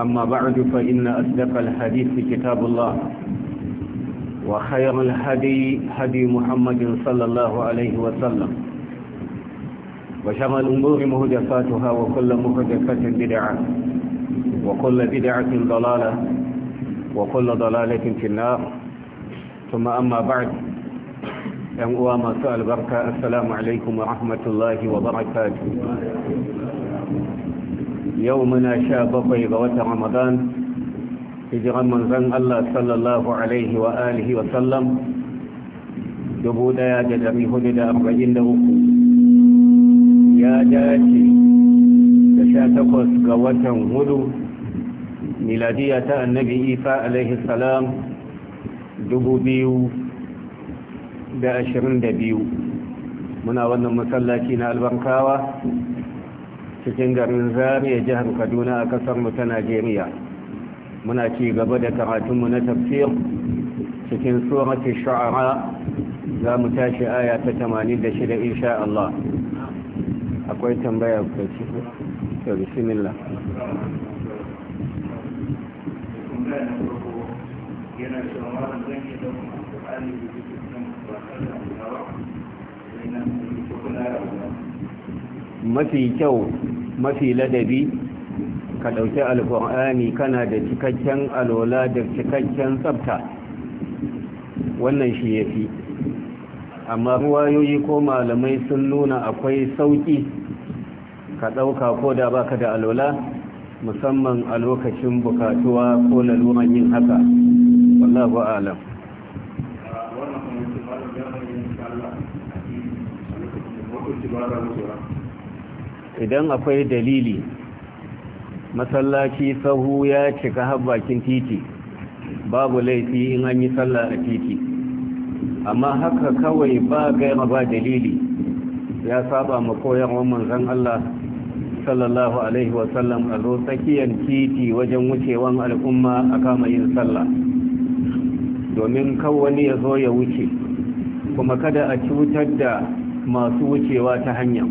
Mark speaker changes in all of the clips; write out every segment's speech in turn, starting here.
Speaker 1: أما بعد فإن أصدق الحديث كتاب الله وخير الهدي هدي محمد صلى الله عليه وسلم وشر الأمور مهدفاتها وكل مهدفة بدعة وكل بدعة ضلالة وكل ضلالة في النار ثم أما بعد ينقوى ما سأل بركة السلام عليكم ورحمة الله وبركاته yau muna sha bakwai ga watan ramadan hijiran manzan Allah sallallahu alaihi wa alihi wa sallam dubu daya da dari hudu da arba'in da uku ya dace da sha takwas ga watan hudu miladiya ta annabi isa alaihi salam dubu biyu da ashirin da biyu muna wannan masallaci na albarkawa. cikin garin zariya jihar kaduna a kasarmu ta najeriya muna ci gaba da karatunmu na tafsir cikin surati sha'ara za mu tashi aya ta 86 insha Allah akwai tambaya ku ci to bismillah
Speaker 2: yana shawara zan yi da kuma alƙur'ani da kuma ba da ba
Speaker 1: mafi kyau mafi ladabi ka ɗauki alƙur'ani kana da cikakken alola da cikakken tsabta wannan shi ya fi amma ruwayoyi ko malamai sun nuna akwai sauƙi ka ɗauka ko da baka da alola musamman a lokacin bukatuwa ko laluran yin haka wallahu alam
Speaker 2: wannan kuma
Speaker 1: idan akwai dalili masallaci sahu ya cika har titi babu laifi in an yi sallah a titi amma haka kawai ba gaira ba dalili ya saba ma wannan zan Allah sallallahu alaihi wasallam a zo tsakiyar titi wajen wucewan al'umma a kama yin sallah domin wani ya zo ya wuce kuma kada a cutar da masu wucewa ta hanyar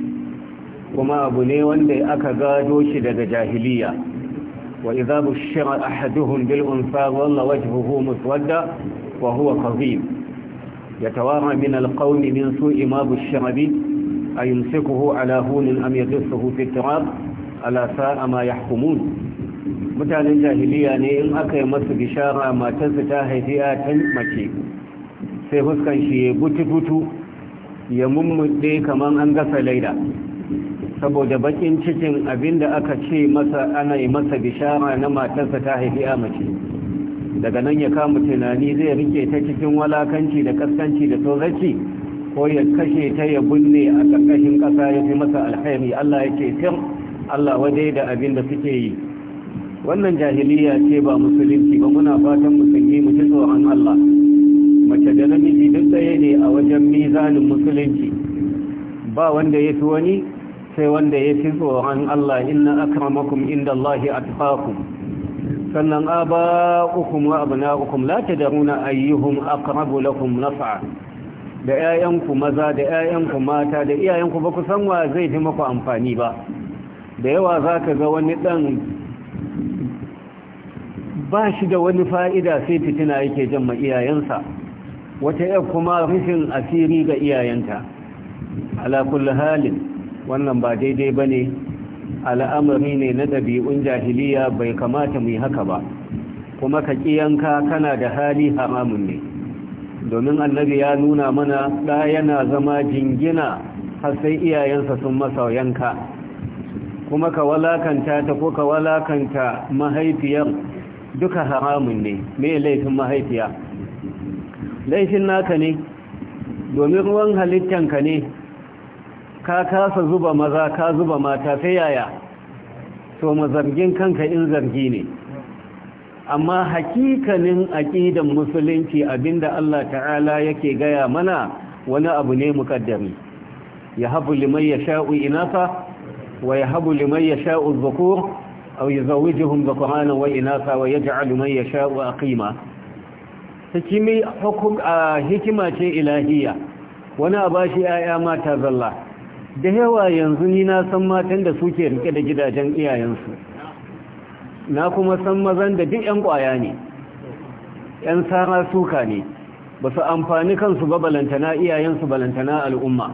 Speaker 1: kuma abu ne wanda aka gado shi daga jahiliya wa idza bushira ahaduhum bil unsa walla wajhuhu muswadda wa huwa kadhib yatawara min al qawmi min su'i ma bushira bi ayumsikuhu ala hunin am yadsuhu fi turab ala sa'a ma yahkumun mutanen jahiliya ne in aka yi masu bishara matarsa ta haifi ya mace sai fuskan shi ya butu-butu ya mummuɗe kamar an gasa laida saboda bakin cikin abinda aka ce masa ana yi masa bishara na matarsa ta haifi a mace daga nan ya kama tunani zai rike ta cikin walakanci da kaskanci da tozarci ko ya kashe ta ya binne a ƙarƙashin ƙasa ya fi masa alhairi Allah ya ce fir Allah waje da abin da suke yi wannan jahiliya ce ba musulunci ba muna fatan musulmi mu ci tsoron Allah mace da namiji duk tsaye ne a wajen mizanin musulunci ba wanda ya fi wani sai wanda ya fi tsoron Allah inna akramakum inda Allah ya atqakum sannan ukun wa lati da runa ayyuhun aqrabu lakun nasa da 'ya'yanku maza da 'ya'yanku mata da iyayenku ba ku san wa zai fi maku amfani ba da yawa za ka ga wani ɗan ba shi da wani fa'ida sai fitina yake jamma iyayensa wata ‘yar kuma rufin asiri ga iyayenta ala kulli halin wannan ba daidai ba ne al'amari ne na ɗabi'un jahiliya bai kamata mu haka ba kuma ka ƙiyanka kana da hali haramun ne domin annabi ya nuna mana ɗa yana zama jingina har sai iyayensa sun masa yanka kuma ka walakanta ta ko ka walakanta mahaifiyar duka haramun ne mai laifin mahaifiya laifin naka ne domin ruwan halittanka ne ka kasa zuba maza ka zuba mata sai yaya to mazargin kanka in zargi ne amma hakikanin aqidan musulunci abinda Allah ta'ala yake gaya mana wani abu ne mukaddami yahabu liman yasha'u inasa wa yahabu liman yasha'u dhukur aw yuzawwijuhum dhukrana wa inasa wa yaj'alu man yasha'u aqima hikimi hukum a hikima ce ilahiya wani a bashi ‘ya'ya mata zalla da yawa yanzu ni na san matan da suke rike da gidajen iyayensu na kuma san mazan da duk 'yan kwaya ne 'yan sara suka ne ba su amfani kansu ba balantana iyayensu balantana al'umma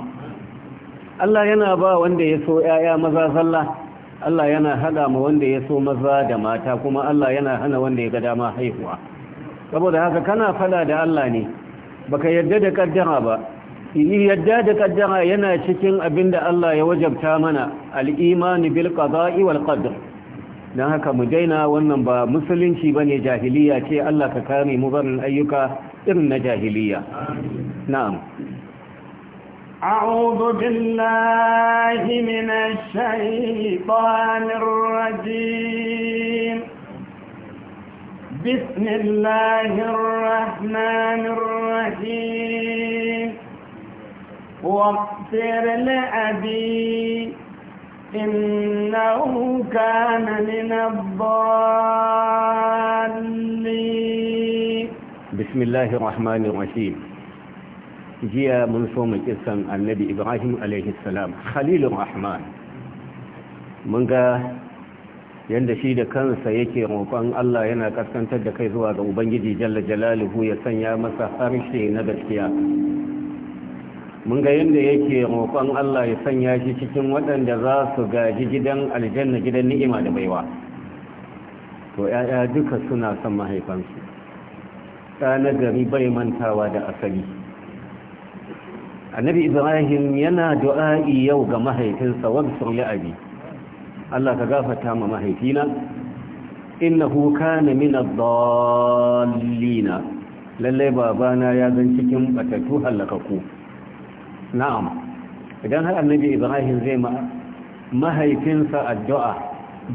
Speaker 1: Allah yana ba wanda ya so 'ya'ya maza zalla Allah yana hada ma wanda ya so maza da mata kuma Allah yana hana wanda ya ga dama haihuwa saboda haka kana fada da Allah ne baka yarda da kaddara ba yadda da kaddara yana cikin abinda Allah ya wajabta mana al'imani bil qada'i wal qadar don haka mu daina wannan ba musulunci ba ne jahiliya ce Allah ka kare mu barin ayyuka irin na jahiliya na'am
Speaker 3: أعوذ بالله من الشيطان الرجيم بسم الله الرحمن الرحيم واغفر لأبي إنه كان من الضالين
Speaker 1: بسم الله الرحمن الرحيم جيا من صوم الإسلام النبي إبراهيم عليه السلام خليل الرحمن من قال yanda shi da kansa yake roƙon Allah yana kaskantar da kai zuwa ga Ubangiji Jalla Jalaluhu ya sanya masa harshe na gaskiya mun ga yadda yake roƙon Allah ya sanya shi cikin waɗanda za su gaji gidan aljanna gidan ni'ima da baiwa to ‘ya'ya duka suna son mahaifansu ɗana gari bai mantawa da asali annabi ibrahim yana du'a'i yau ga mahaifinsa wabsur li'abi Allah ka gafata ma mahaifina innahu kana min ad-dallina lalle babana ya zan cikin batatu halakaku na'am idan har annabi ibrahim zai mahaifinsa addu'a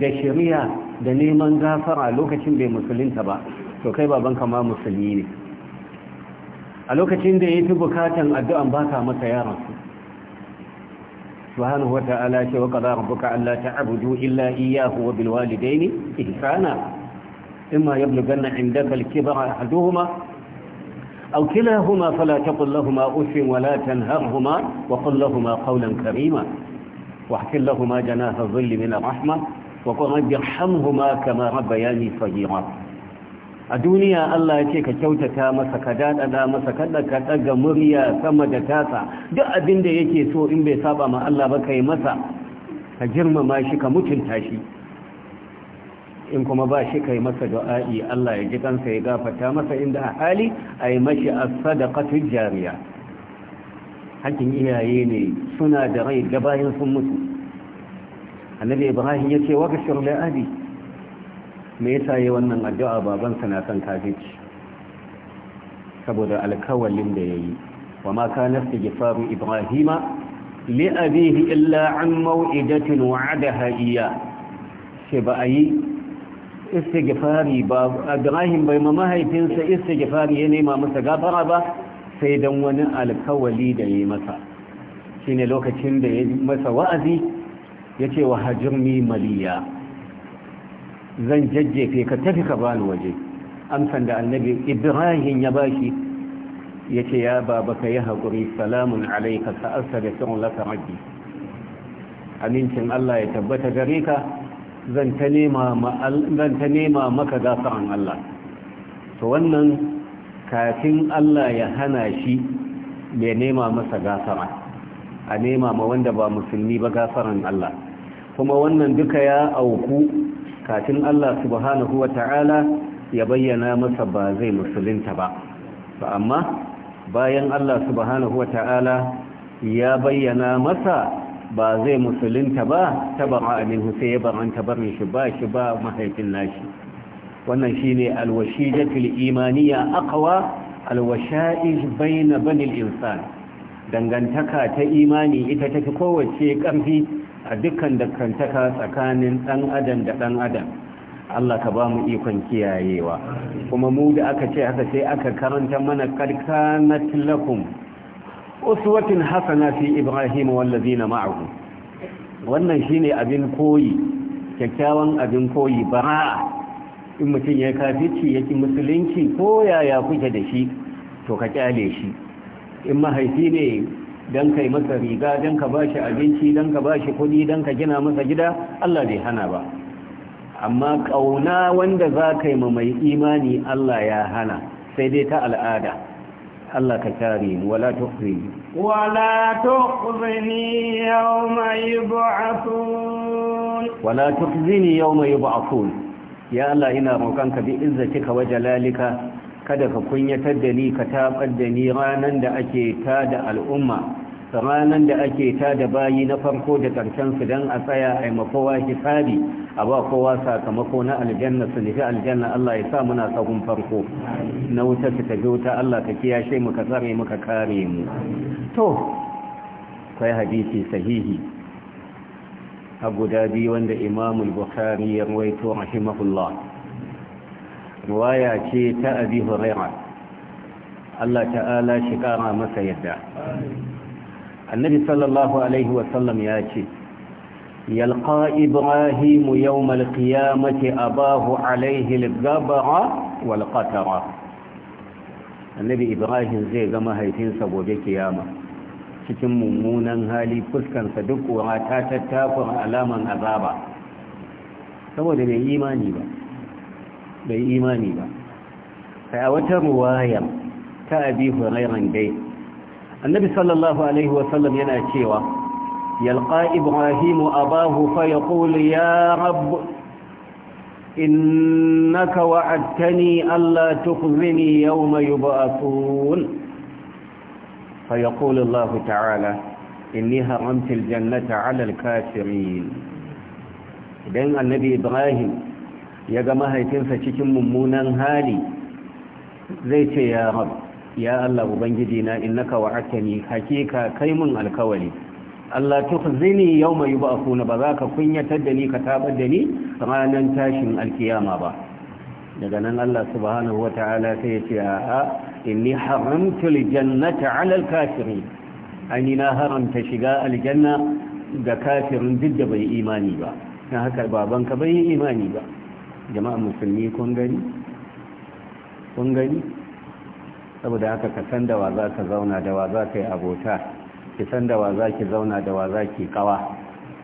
Speaker 1: da shari'a da neman gafara lokacin bai musulunta ba to kai babanka ma musulmi ne a lokacin da ya fi bukatan addu'an baka masa yaransu subhanahu wata'ala ce wa qadara rabbuka alla ta'budu illa iyyahu wa bil walidayni ihsana imma yablughanna 'indaka al-kibra ahaduhuma أو كلاهما فلا تقل لهما أف ولا تنهرهما وقل لهما قولا كريما واحكي لهما جناح الظل من الرحمة وقل رب ارحمهما كما ربياني صغيرا a duniya Allah ya ce ka kyautata masa ka daɗaɗa masa kada ka ɗaga murya sama da tasa duk abin da yake so in bai saba ma Allah ba ka yi masa ka girmama shi ka mutunta shi in kuma ba shi kai masa du'a'i Allah ya ji kansa ya gafarta masa inda a hali a yi mashi as-sadaqatu jariya hakkin iyaye ne suna da rai ga bayan sun mutu annabi ibrahim ya ce waka shirle abi me yasa yi wannan addu'a babansa na son kafici saboda alkawalin da ya yi wa ma kana istighfaru ibrahima li abihi illa an maw'idatin wa'adaha iya sai ba a yi istighfari ba Ibrahim bai ma mahaifinsa istighfari ya nema masa gafara ba sai dan wani alkawali da ya masa shine lokacin da ya masa wa'azi yace wa hajirni maliya zan jajjefe ka tafi ka bani waje amsan da annabi Ibrahim ya bashi yace ya baba ka yi hakuri, salamun alaika ka da sirrin laka rabbi amincin Allah ya tabbata gare ka zan ta nema maka an Allah to wannan kafin Allah ya hana shi ya nema masa gafara a nema ma wanda ba musulmi ba gasaran Allah kuma wannan duka ya auku kafin Allah subhanahu wa ta'ala ya bayyana masa ba zai musulunta ba amma bayan Allah subhanahu wa ta'ala ya bayyana masa ba zai musulunta ba ta bara aminu sai ya baranta barin shi ba shi ba mahaifin nashi wannan shine alwashijatul imaniya aqwa alwasha'ij baina bani al-insan dangantaka ta imani ita fi kowace ƙarfi a dukkan dangantaka tsakanin dan adam da dan adam Allah ka ba mu ikon kiyayewa kuma mu da aka ce haka sai aka karanta mana karkanat lakum uswatun hasana fi ibrahim wallazina ma'ahu wannan shine abin koyi kyakkyawan abin koyi bara in mutum ya kafici yake musulunci ko yaya kuke da shi to ka kyale shi in mahaifi ne don kai masa riga don ka bashi abinci don ka bashi kuɗi, don ka gina masa gida Allah bai hana ba amma kauna wanda za ka yi mai imani Allah ya hana sai dai ta al'ada Allah ka kare ni wala tukhzini
Speaker 3: wala tukhzini yawma yub'athun
Speaker 1: wala tukhzini yawma yub'athun ya Allah ina bi kada ka kunyatar da ni ka tabar da ni ranan da ake tada al'umma ranar da ake ta da bayi na farko da ƙarshen su don a tsaya a makowa hisabi a ba kowa sakamako na aljanna su nufi aljanna Allah ya sa muna sahun farko na wuta su tafi wuta Allah ka kiyashe mu ka tsare mu ka kare mu to kai hadisi sahihi a guda biyu wanda imamul bukhari ya rawaito rahimahullah riwaya ce ta abi hurairah Allah ta'ala shi kara masa yadda annabi sallallahu alaihi wasallam ya ce yalqa ibrahim yawm alqiyamati abahu alaihi algabara wal qatara annabi ibrahim zai ga mahaifinsa gobe kiyama cikin mummunan hali fuskansa duk kura ta tattakun alaman azaba saboda bai imani ba bai imani ba sai a wata ruwaya ta abi hurairan dai annabi sallallahu alaihi wasallam yana cewa yalqa ibrahimu abahu fa yaqulu ya rabb innaka wa'adtani alla tukhzini yawma yub'athun fa yaqulu allah ta'ala inni haramtu aljannata 'ala alkafirin idan annabi ibrahim ya ga mahaifinsa cikin mummunan hali zai ce ya rabb ya Allah ubangiji na innaka ni hakika kai mun alkawari Allah tukhzini yawma yub'athuna ba za ka kunyatar da ni ka tabar da ni ranan tashin alkiyama ba daga nan Allah subhanahu wata'ala sai ya ce a'a inni haramtu aljannata 'ala alkafirin ani na haramta shiga aljanna ga kafirin duk da bai imani ba na haka baban ka bai imani ba jama'a musulmi kun gani kun gani saboda haka ka san da wa za ka zauna da wa za ka yi abota ki san da wa za ki zauna da wa za ki kawa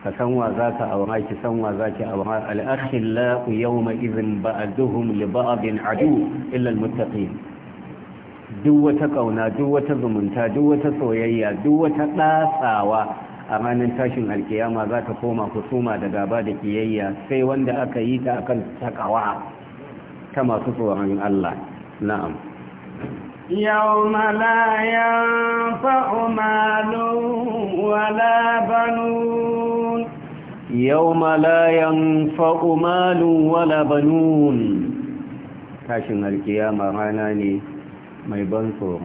Speaker 1: ka san wa za ka aura ki san wa za ki aura al'akhillahu yawma idhin ba'duhum li ba'din adu illa almuttaqin duk wata kauna duk wata zumunta duk wata soyayya duk wata datsawa a ranar tashin alkiyama za ta koma kusuma da gaba da kiyayya sai wanda aka yi ta akan takawa ta masu tsoron Allah na'am
Speaker 3: يوم لا ينفع مال ولا بنون
Speaker 1: يوم لا ينفع مال ولا بنون tashin alkiyama rana ne mai ban tsoro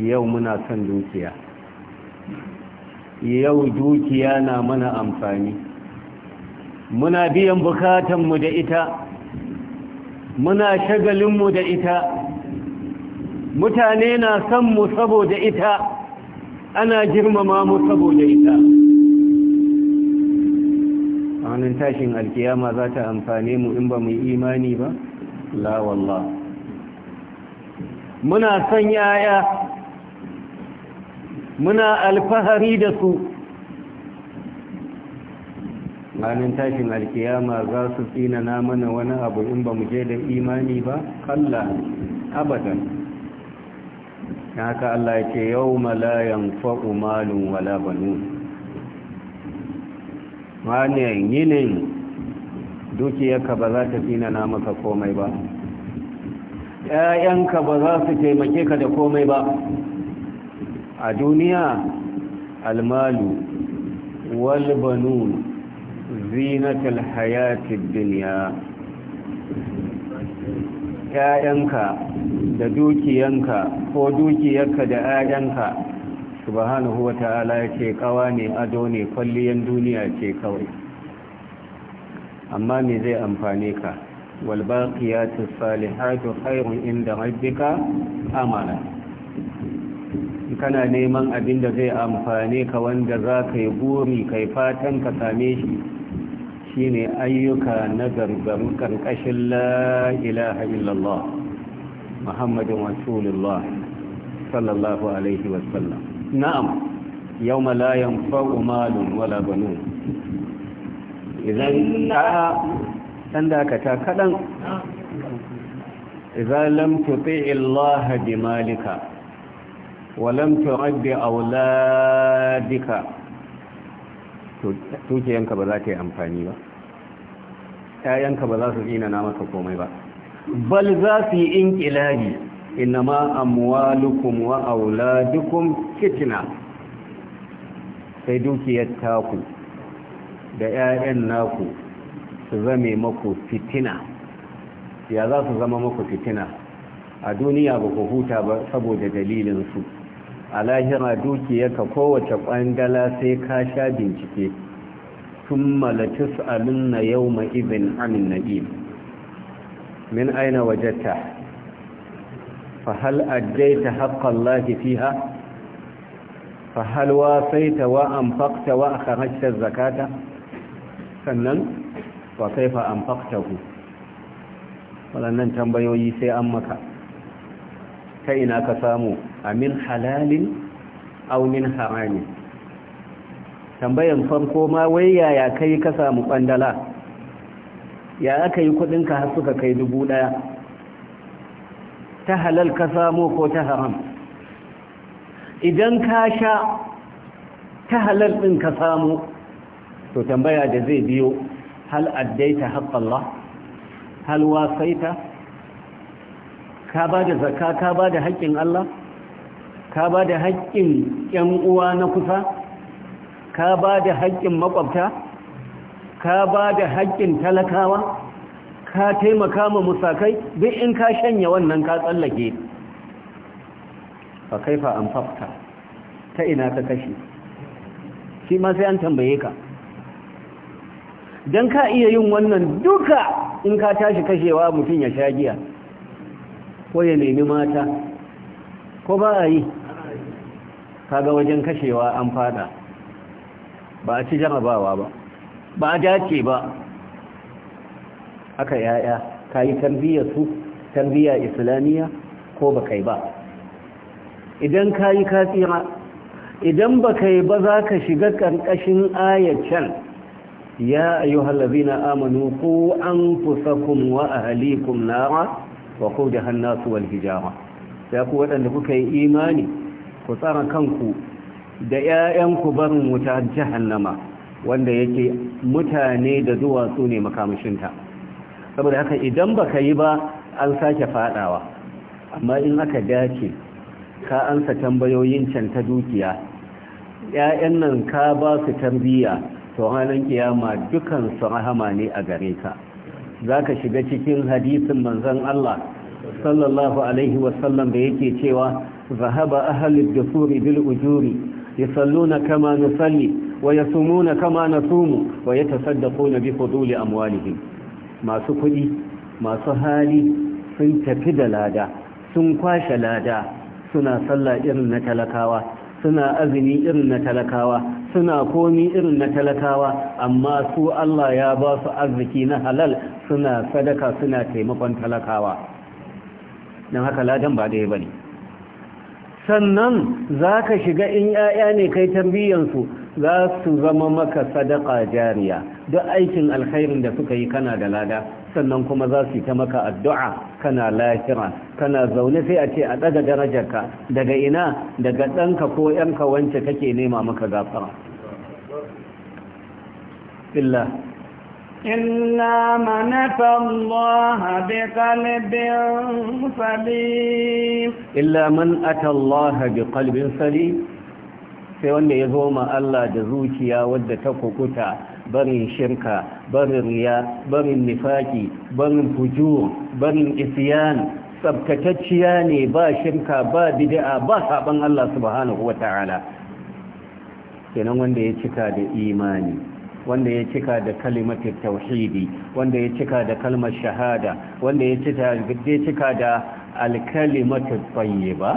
Speaker 1: yau muna son dukiya yau dukiya na mana amfani muna biyan bukatanmu da ita muna shagalinmu da ita mutane na san mu saboda ita ana girmama mu saboda ita anan tashin alkiyama za ta amfane mu in ba mu imani ba la wallah muna san yaya muna alfahari da su anan tashin alkiyama za su na mana wani abu in ba mu je da imani ba kalla abadan na haka Allah ya yau malayan malu'n wala banu wani yinin dukiyarka ba za ta fina na maka komai ba ‘ya'yanka ba za su taimake ka da komai ba a duniya almalu banu, zinatul hayatid duniya ‘ya'yanka da dukiyanka ko dukiyarka da 'ya'yanka subhanahu wa ta'ala ya ce kawa ne ado ne kwalliyan duniya ce kawai amma me zai amfane ka walbaqiyatu salihatu khairun inda rabbika amana kana neman abin da zai amfane ka wanda za ka yi buri kai fatan ka same shi shine ayyuka na gargaru karkashin la ilaha illallah محمد رسول الله صلى الله عليه وسلم نعم يوم لا ينفع مال ولا بنون إذن عندك تاكدا إذا لم تطيع الله بمالك ولم ترد أولادك توجيانك بذاتي أمفاني ba ‘ya'yanka ba za su ina na maka komai ba’ bal za su yi inkilabi inama amwalukum wa auladukum fitna sai dukiyar taku da 'ya'yan naku su zame maku fitina ya za su zama maku fitina a duniya ba ku huta ba saboda dalilinsu a lahira ka kowace ƙwandala sai ka sha bincike sun malatus alunna yau ma'izin amin na'im min aina wajatta fahal addaita haqqallahi fiha fahal wasaita wa anfaqta wa akhrajta zakata sannan wa kaifa anfaqtahu wannan tambayoyi sai an maka ta ina ka samu amin halalin aw haramin tambayan farko ma wai yaya kai ka samu kwandala ya aka yi kudinka har suka kai dubu daya ta halal ka samu ko ta haram idan ka sha ta halal din ka samu to tambaya da zai biyo hal addaita haqqallah hal wasaita ka ba da zakka ka ba da haƙƙin Allah ka ba da haƙƙin ƴan uwa na kusa ka ba da haƙƙin makwabta ka ba da haƙƙin talakawa ka taimaka ma musakai duk in ka shanya wannan ka tsallake fa kaifa an fafta ta ina ka kashi shi ma sai an tambaye ka don ka iya yin wannan duka in ka tashi kashewa mutum ya sha giya ko ya nemi mata ko ba a yi kaga wajen kashewa an fada ba a ci jarabawa ba ba dace ba aka yaya ka yi tarbiyyar su tarbiyya islamiyya ko ba kai ba idan ka yi katsira idan ba kai ba za ka shiga ƙarƙashin ayyacin ya ayu hallazina amanu ku an fusakum wa ahalikum nara wa ku da hannasu wal hijama ya ku waɗanda kuka yi imani ku tsara kanku da 'ya'yanku barin wuta jahannama wanda yake mutane da duwatsu ne makamashinta saboda haka idan baka yi ba an sake fadawa amma in aka dace ka ansa tambayoyin can ta dukiya 'ya'yan nan ka ba su tarbiyya to halin kiyama dukan su rahama ne a gare ka zaka shiga cikin hadisin manzon Allah sallallahu alaihi wasallam da yake cewa zahaba ahlud Dufuri, bil ujuri yusalluna kama nusalli ويصومون كما نصوم ويتصدقون بفضول اموالهم ما su kudi masu hali sun tafi da lada sun kwashe lada suna sallah irin na talakawa suna azumi irin na talakawa suna komi irin na talakawa amma su Allah ya ba su arziki na halal suna sadaka suna taimakon talakawa don haka ladan ba da yabani sannan za ka shiga in 'ya'ya ne kai tarbiyyarsu. za su zama maka sadaka jariya duk aikin alkhairin da suka yi kana da lada sannan kuma za su yi ta maka addu'a kana lahira kana zaune sai a ce a daga darajarka daga ina daga ɗanka ko ‘yanka wance kake nema maka gafara
Speaker 2: illa
Speaker 3: إلا من bi kalbin sali. سليم
Speaker 1: إلا من أتى bi بقلب سليم sai wanda ya zo ma Allah da zuciya wadda ta kukuta barin shirka barin riya barin nifaki barin fujur barin isyan tsabtatacciya ne ba shirka ba bid'a ba saban Allah subhanahu wata'ala kenan wanda ya cika da imani wanda ya cika da kalimatar tauhidi wanda ya cika da kalmar shahada wanda ya cika da alkalimatar tsaye ba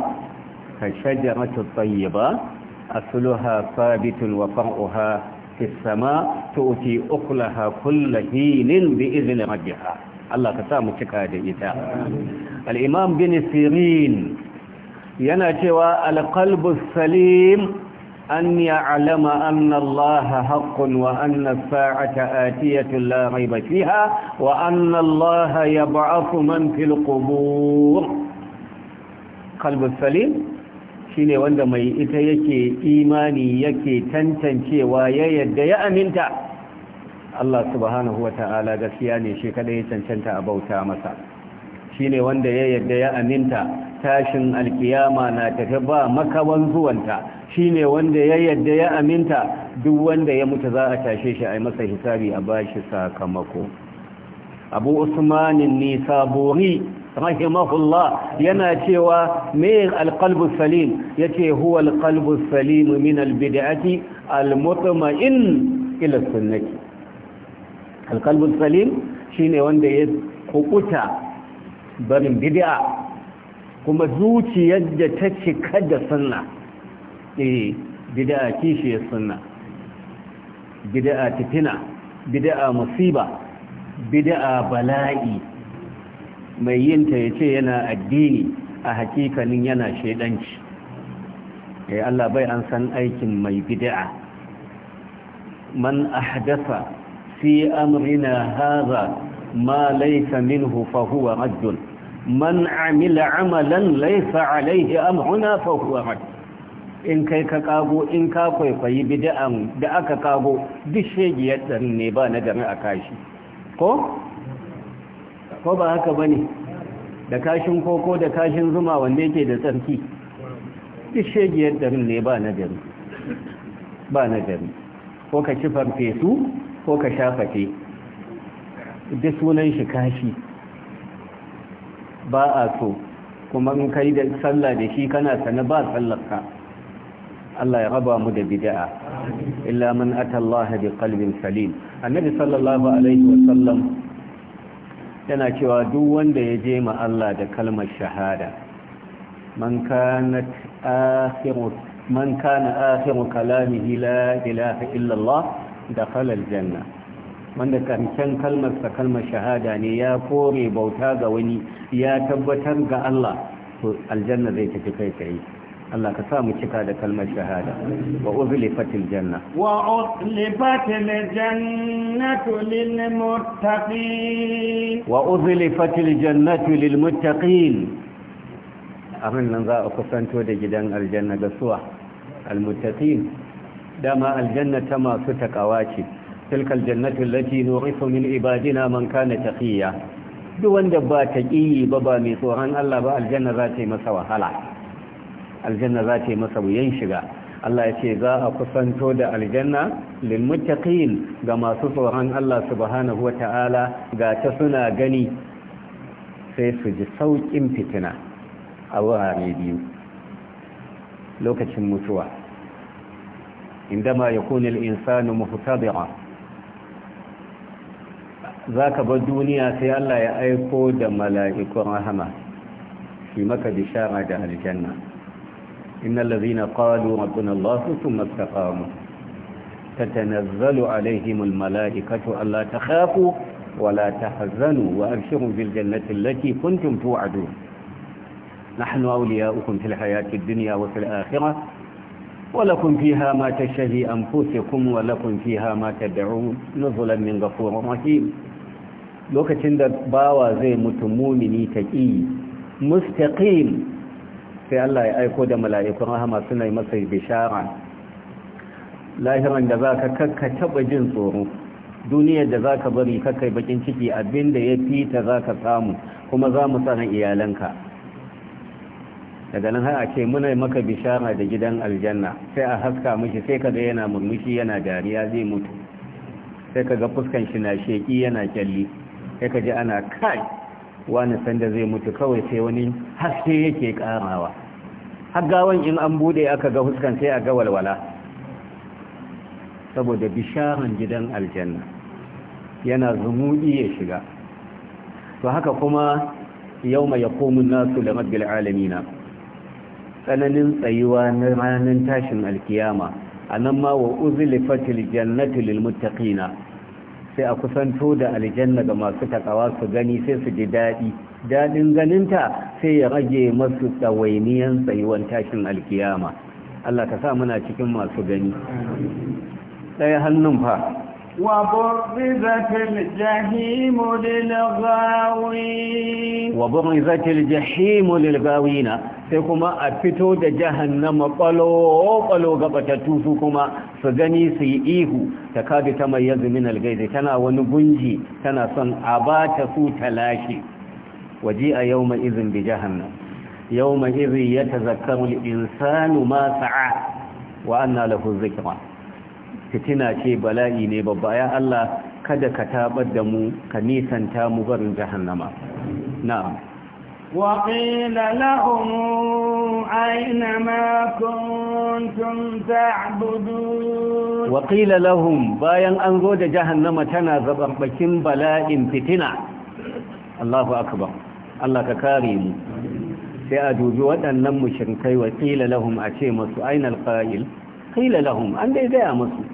Speaker 1: ka shajarar tsaye ba أصلها ثابت وفرعها في السماء تؤتي أكلها كل حين بإذن ربها الله كسام تكاد إتا الإمام بن سيرين ينجوى القلب السليم أن يعلم أن الله حق وأن الساعة آتية لا ريب فيها وأن الله يبعث من في القبور قلب السليم Shi ne wanda mai ita yake imani yake tantancewa ya yadda ya aminta Allah subhanahu wa ta'ala gaskiya ne shi kada ya cancanta a bauta masa Shi ne wanda ya yadda ya aminta tashin alkiyama na tafi ba makawan zuwanta Shi ne wanda ya yadda ya aminta duk wanda ya mutu za a tashe shi a yi masa hisabi a bashi sakamako abu usmanin nisaburi rahimahullah yana cewa me alqalbu salim yace huwa alqalbu salim min albid'ati almutma'in ila sunnati alqalbu salim shine wanda ya kukuta barin bid'a kuma zuciyar da ta cika da sunna eh bid'a kishi sunna bid'a fitina bid'a musiba bid'a bala'i mai yin ta yace yana addini a hakikanin yana shedanci e eh, Allah bai an san aikin mai bid'a man ahdasa fi amrina hadha ma laysa minhu fa huwa rajul man amila amalan laysa alayhi amruna fa huwa rajul in kai ka kago in ka kwaikwayi bid'an da aka kago duk shegiyar ne ba na gari a kashi ko ko ba haka bane da kashin koko da kashin zuma wanda yake da tsarki duk shegiyar garin ne ba na gari ba na gari ko ka ci farfesu ko ka shafake duk sunan shi kashi ba a so kuma in kai da sallah da shi kana sana ba tsallaka. Allah ya raba mu da bid'a illa man atallaha biqalbin salim annabi sallallahu alaihi wa sallam yana cewa duk wanda ya je ma Allah da kalmar shahada man kana akhiru man kana akhiru kalamihi la ilaha illa Allah dakhala aljanna wanda karshen kalmar sa kalmar shahada ne ya kore bauta ga wani ya tabbatar ga Allah to aljanna zai tafi kai kai Allah ka sa mu cika da kalmar shahada wa uzlifatil janna
Speaker 3: wa uzlifatil jannatu lil muttaqin wa uzlifatil jannatu lil
Speaker 1: muttaqin abin nan za a kusanto da gidan aljanna ga suwa al muttaqin dama aljanna ta masu takawa ce tilka aljannatu allati nurisu min ibadina man kana taqiya duk wanda ba taqiyi ba ba mai tsoron Allah ba aljanna za ta yi masa wahala aljanna za ta yi masa wuyan shiga Allah ya ce za a kusanto da aljanna lilmuttaqin ga masu tsoron Allah subhanahu wata'ala ga ta suna gani sai su ji saukin fitina a wurare biyu lokacin mutuwa indama yakunu al-insanu za zaka bar duniya sai Allah ya aiko da mala'ikun rahama shi maka bishara da aljanna إن الذين قالوا ربنا الله ثم استقاموا تتنزل عليهم الملائكة ألا تخافوا ولا تحزنوا وأبشروا بالجنة التي كنتم توعدون نحن أولياؤكم في الحياة الدنيا وفي الآخرة ولكم فيها ما تشهي أنفسكم ولكم فيها ما تدعون نزلا من غفور رحيم لوكتين دا باوا زي متمومني تقي مستقيم sai Allah ya aiko da mala'ikun rahama suna yi masa bishara lahiran da za ka kakka taba jin tsoro duniyar da za ka bari kakkai bakin ciki abin da ya fita za ka samu kuma za mu sanar iyalanka daga nan har a ce muna maka bishara da gidan aljanna sai a haska mishi sai ka ga yana murmushi yana dariya zai mutu sai ka ga fuskan shi na sheki yana kyalli sai ka ji ana kai wani sanda zai mutu kawai sai wani haske yake karawa haggawan in an bude aka ga huskan sai a ga walwala saboda bisharan gidan aljanna yana zumudi ya shiga to haka kuma yawma yaqumun nasu da rabbil alamin tsananin tsayuwa na ranar tashin alkiyama anan ma wa uzlifatil jannatu lil sai a kusanto da aljanna ga masu takawa su gani sai su ji daɗi daɗin ganinta sai ya rage masu ɗawainiyan tsayuwan tashin alkiyama Allah ka sa muna cikin masu gani ɗaya hannun fa
Speaker 3: وبرزت الجحيم للغاوين
Speaker 1: na الجحيم للغاوين sai kuma a fito da jahannama kwalo-kwalo gabata su kuma su gani su yi ihu ta ta mai yanzu min algaizi tana wani gunji tana son a ba ta su talashi waje a yau mai izin bi jahannam yau mai izin ya ta insanu ma sa'a wa an na lafi fitina ce bala'i ne ba ya Allah kada ka taɓa da mu ka nisanta mu barin jahannama na'am
Speaker 3: waqila lahum ayna ma kuntum ta'budun
Speaker 1: bayan an zo da jahannama tana zaban bakin bala'in fitina Allahu akbar Allah ka kare mu sai a dubi waɗannan mushrikai waqila lahum a ce musu ayna alqa'il an dai ga musu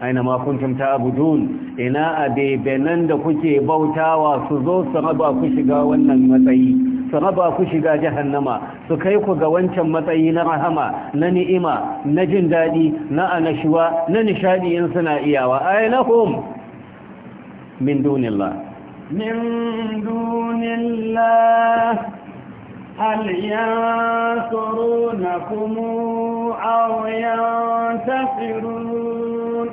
Speaker 1: aina ma kuntum ta'budun ina abebenan da kuke bautawa su zo su raba ku shiga wannan matsayi su raba ku shiga jahannama su kai ku ga wancan matsayi na rahama na ni'ima na jin daɗi na anashuwa na nishadi in suna iyawa ainihin min dunillah
Speaker 3: min dunillah هل ينصرونكم أو ينتصرون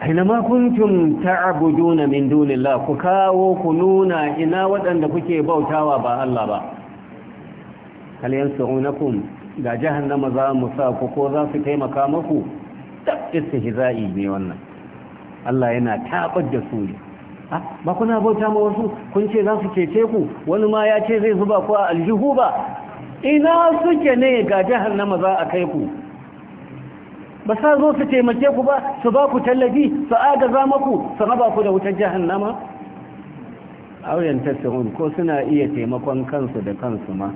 Speaker 1: aina ma kuntum ta'buduna min dunillah ku kawo ku nuna ina waɗanda kuke bautawa ba Allah ba hal yansu'unakum ga jahannama za mu sa ku ko za su taimaka muku istihza'i ne wannan Allah yana tabar da su ne ah, ba kuna bauta ma wasu kun ce za su kece ku wani ma ya ce zai zuba ku a aljihu ba ina suke ne ga jahannama za a kai ku ba sa zo su taimake ku ba su ba ku tallafi su agaza maku su raba ku da wutar jahannama auyan tasirun ko suna iya taimakon kansu da kansu ma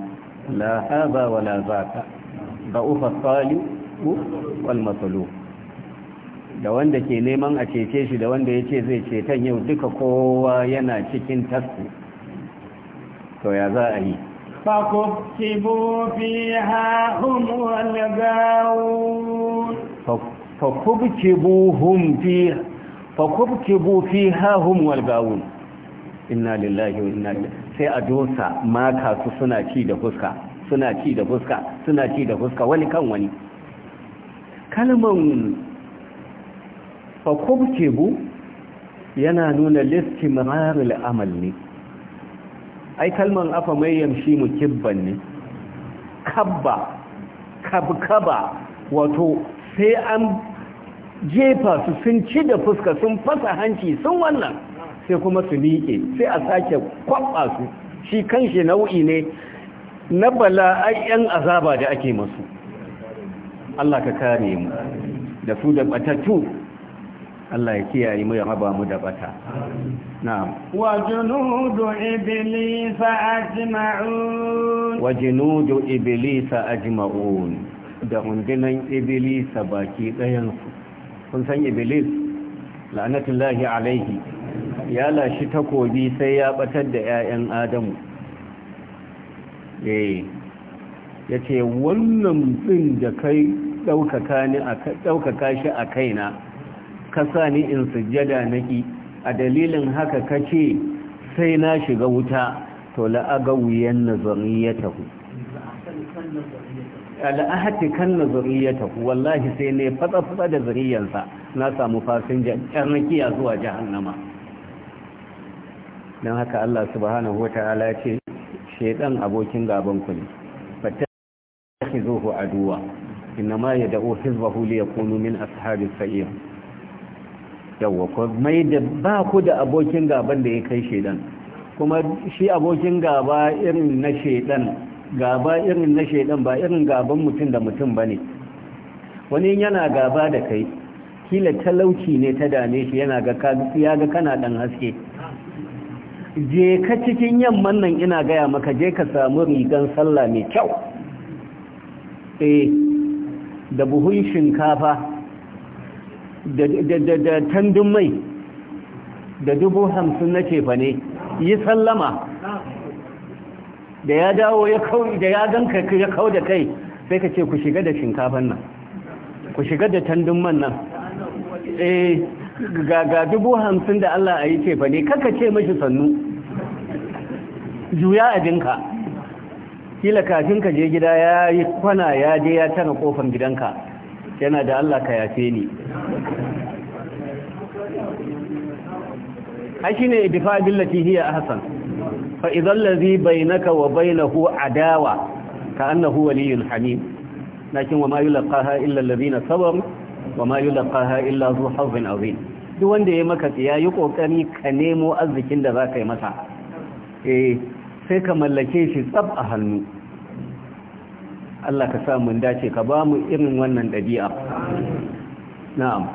Speaker 1: la haba la zaka ba ufa sali wal matsalo da wanda ke neman a cece shi da wanda ya ce zai ceton yau duka kowa yana cikin tasiri to ya za a yi
Speaker 3: فكبكبوا فيها هم والغاوون
Speaker 1: فكبكبوهم فيها inna lillahi wa sai a dosa maka su suna ci da fuska suna ci da fuska suna ci da fuska wani kan wani kalman fakubkebu yana nuna listimrarul amal ne ai kalman afa mai yamshi mu kibban ne kabba kabkaba wato sai an jefa su sun ci da fuska sun fasa hanci sun wannan sai kuma su miƙe sai a sake kwabba su shi kanshi nau'i ne na Bala bala'ayyan azaba da ake masu Allah ka kare mu da su da batattu Allah ya kiyaye mu ya raba mu da bata na'am
Speaker 3: wa junudu iblisa ajma'un wa
Speaker 1: junudu iblisa ajma'un da rundunan iblisa baki ɗayan su kun san iblis la'anatullahi alaihi ya lashi takobi sai ya batar da 'ya'yan adamu eh yace wannan ɗin da kai ɗaukaka shi a kaina ka sa ni in sujjada naki a dalilin haka ka ce sai na shiga wuta to la'agawiyan nazariyatahu al'ahatikan na tafi wallahi sai ne fatsa-fatsa da zuriyansa na samu fasinja ƙarnakiya zuwa jahannama don haka Allah subhanahu wata'ala ce shaidan abokin gaban ku ne ke zuwa aduwa inna ma ya da'o hizbahu ya kunu min ashabis sa'ir yawwa ko mai da ba ku da abokin gaban da ya kai shedan kuma shi abokin gaba irin na shedan gaba irin na shedan ba irin gaban mutum da mutum ba ne wani yana gaba da kai kila talauci ne ta dame shi yana ga ya ga kana dan haske je ka cikin yamman nan ina gaya maka je ka samu rigan sallah mai kyau eh da buhun shinkafa da tandun mai da dubu hamsin na cefa ne yi sallama da ya dawo da ya ganka ya kau da kai sai ka ce ku shiga da shinkafan nan ku shiga da tandun man nan eh ga dubu hamsin da Allah a yi cefa ne kaka ce mashi sannu juya abinka kila kafin ka je gida ya yi kwana ya je ya tana kofan gidanka yana da Allah ka yafe ni ashi ne idfa billati hiya ahsan fa idhal ladhi bainaka wa bainahu adawa ka annahu waliyyun hamim lakin wa ma yulqaha illa alladhina sabaru wa ma yulqaha illa dhu hazin azim duk wanda ya maka tsiya yi kokari ka nemo arzikin da zaka yi masa eh sai ka mallake shi tsab a hannu Allah ka sa mun dace ka ba mu irin wannan ɗabi'a na'am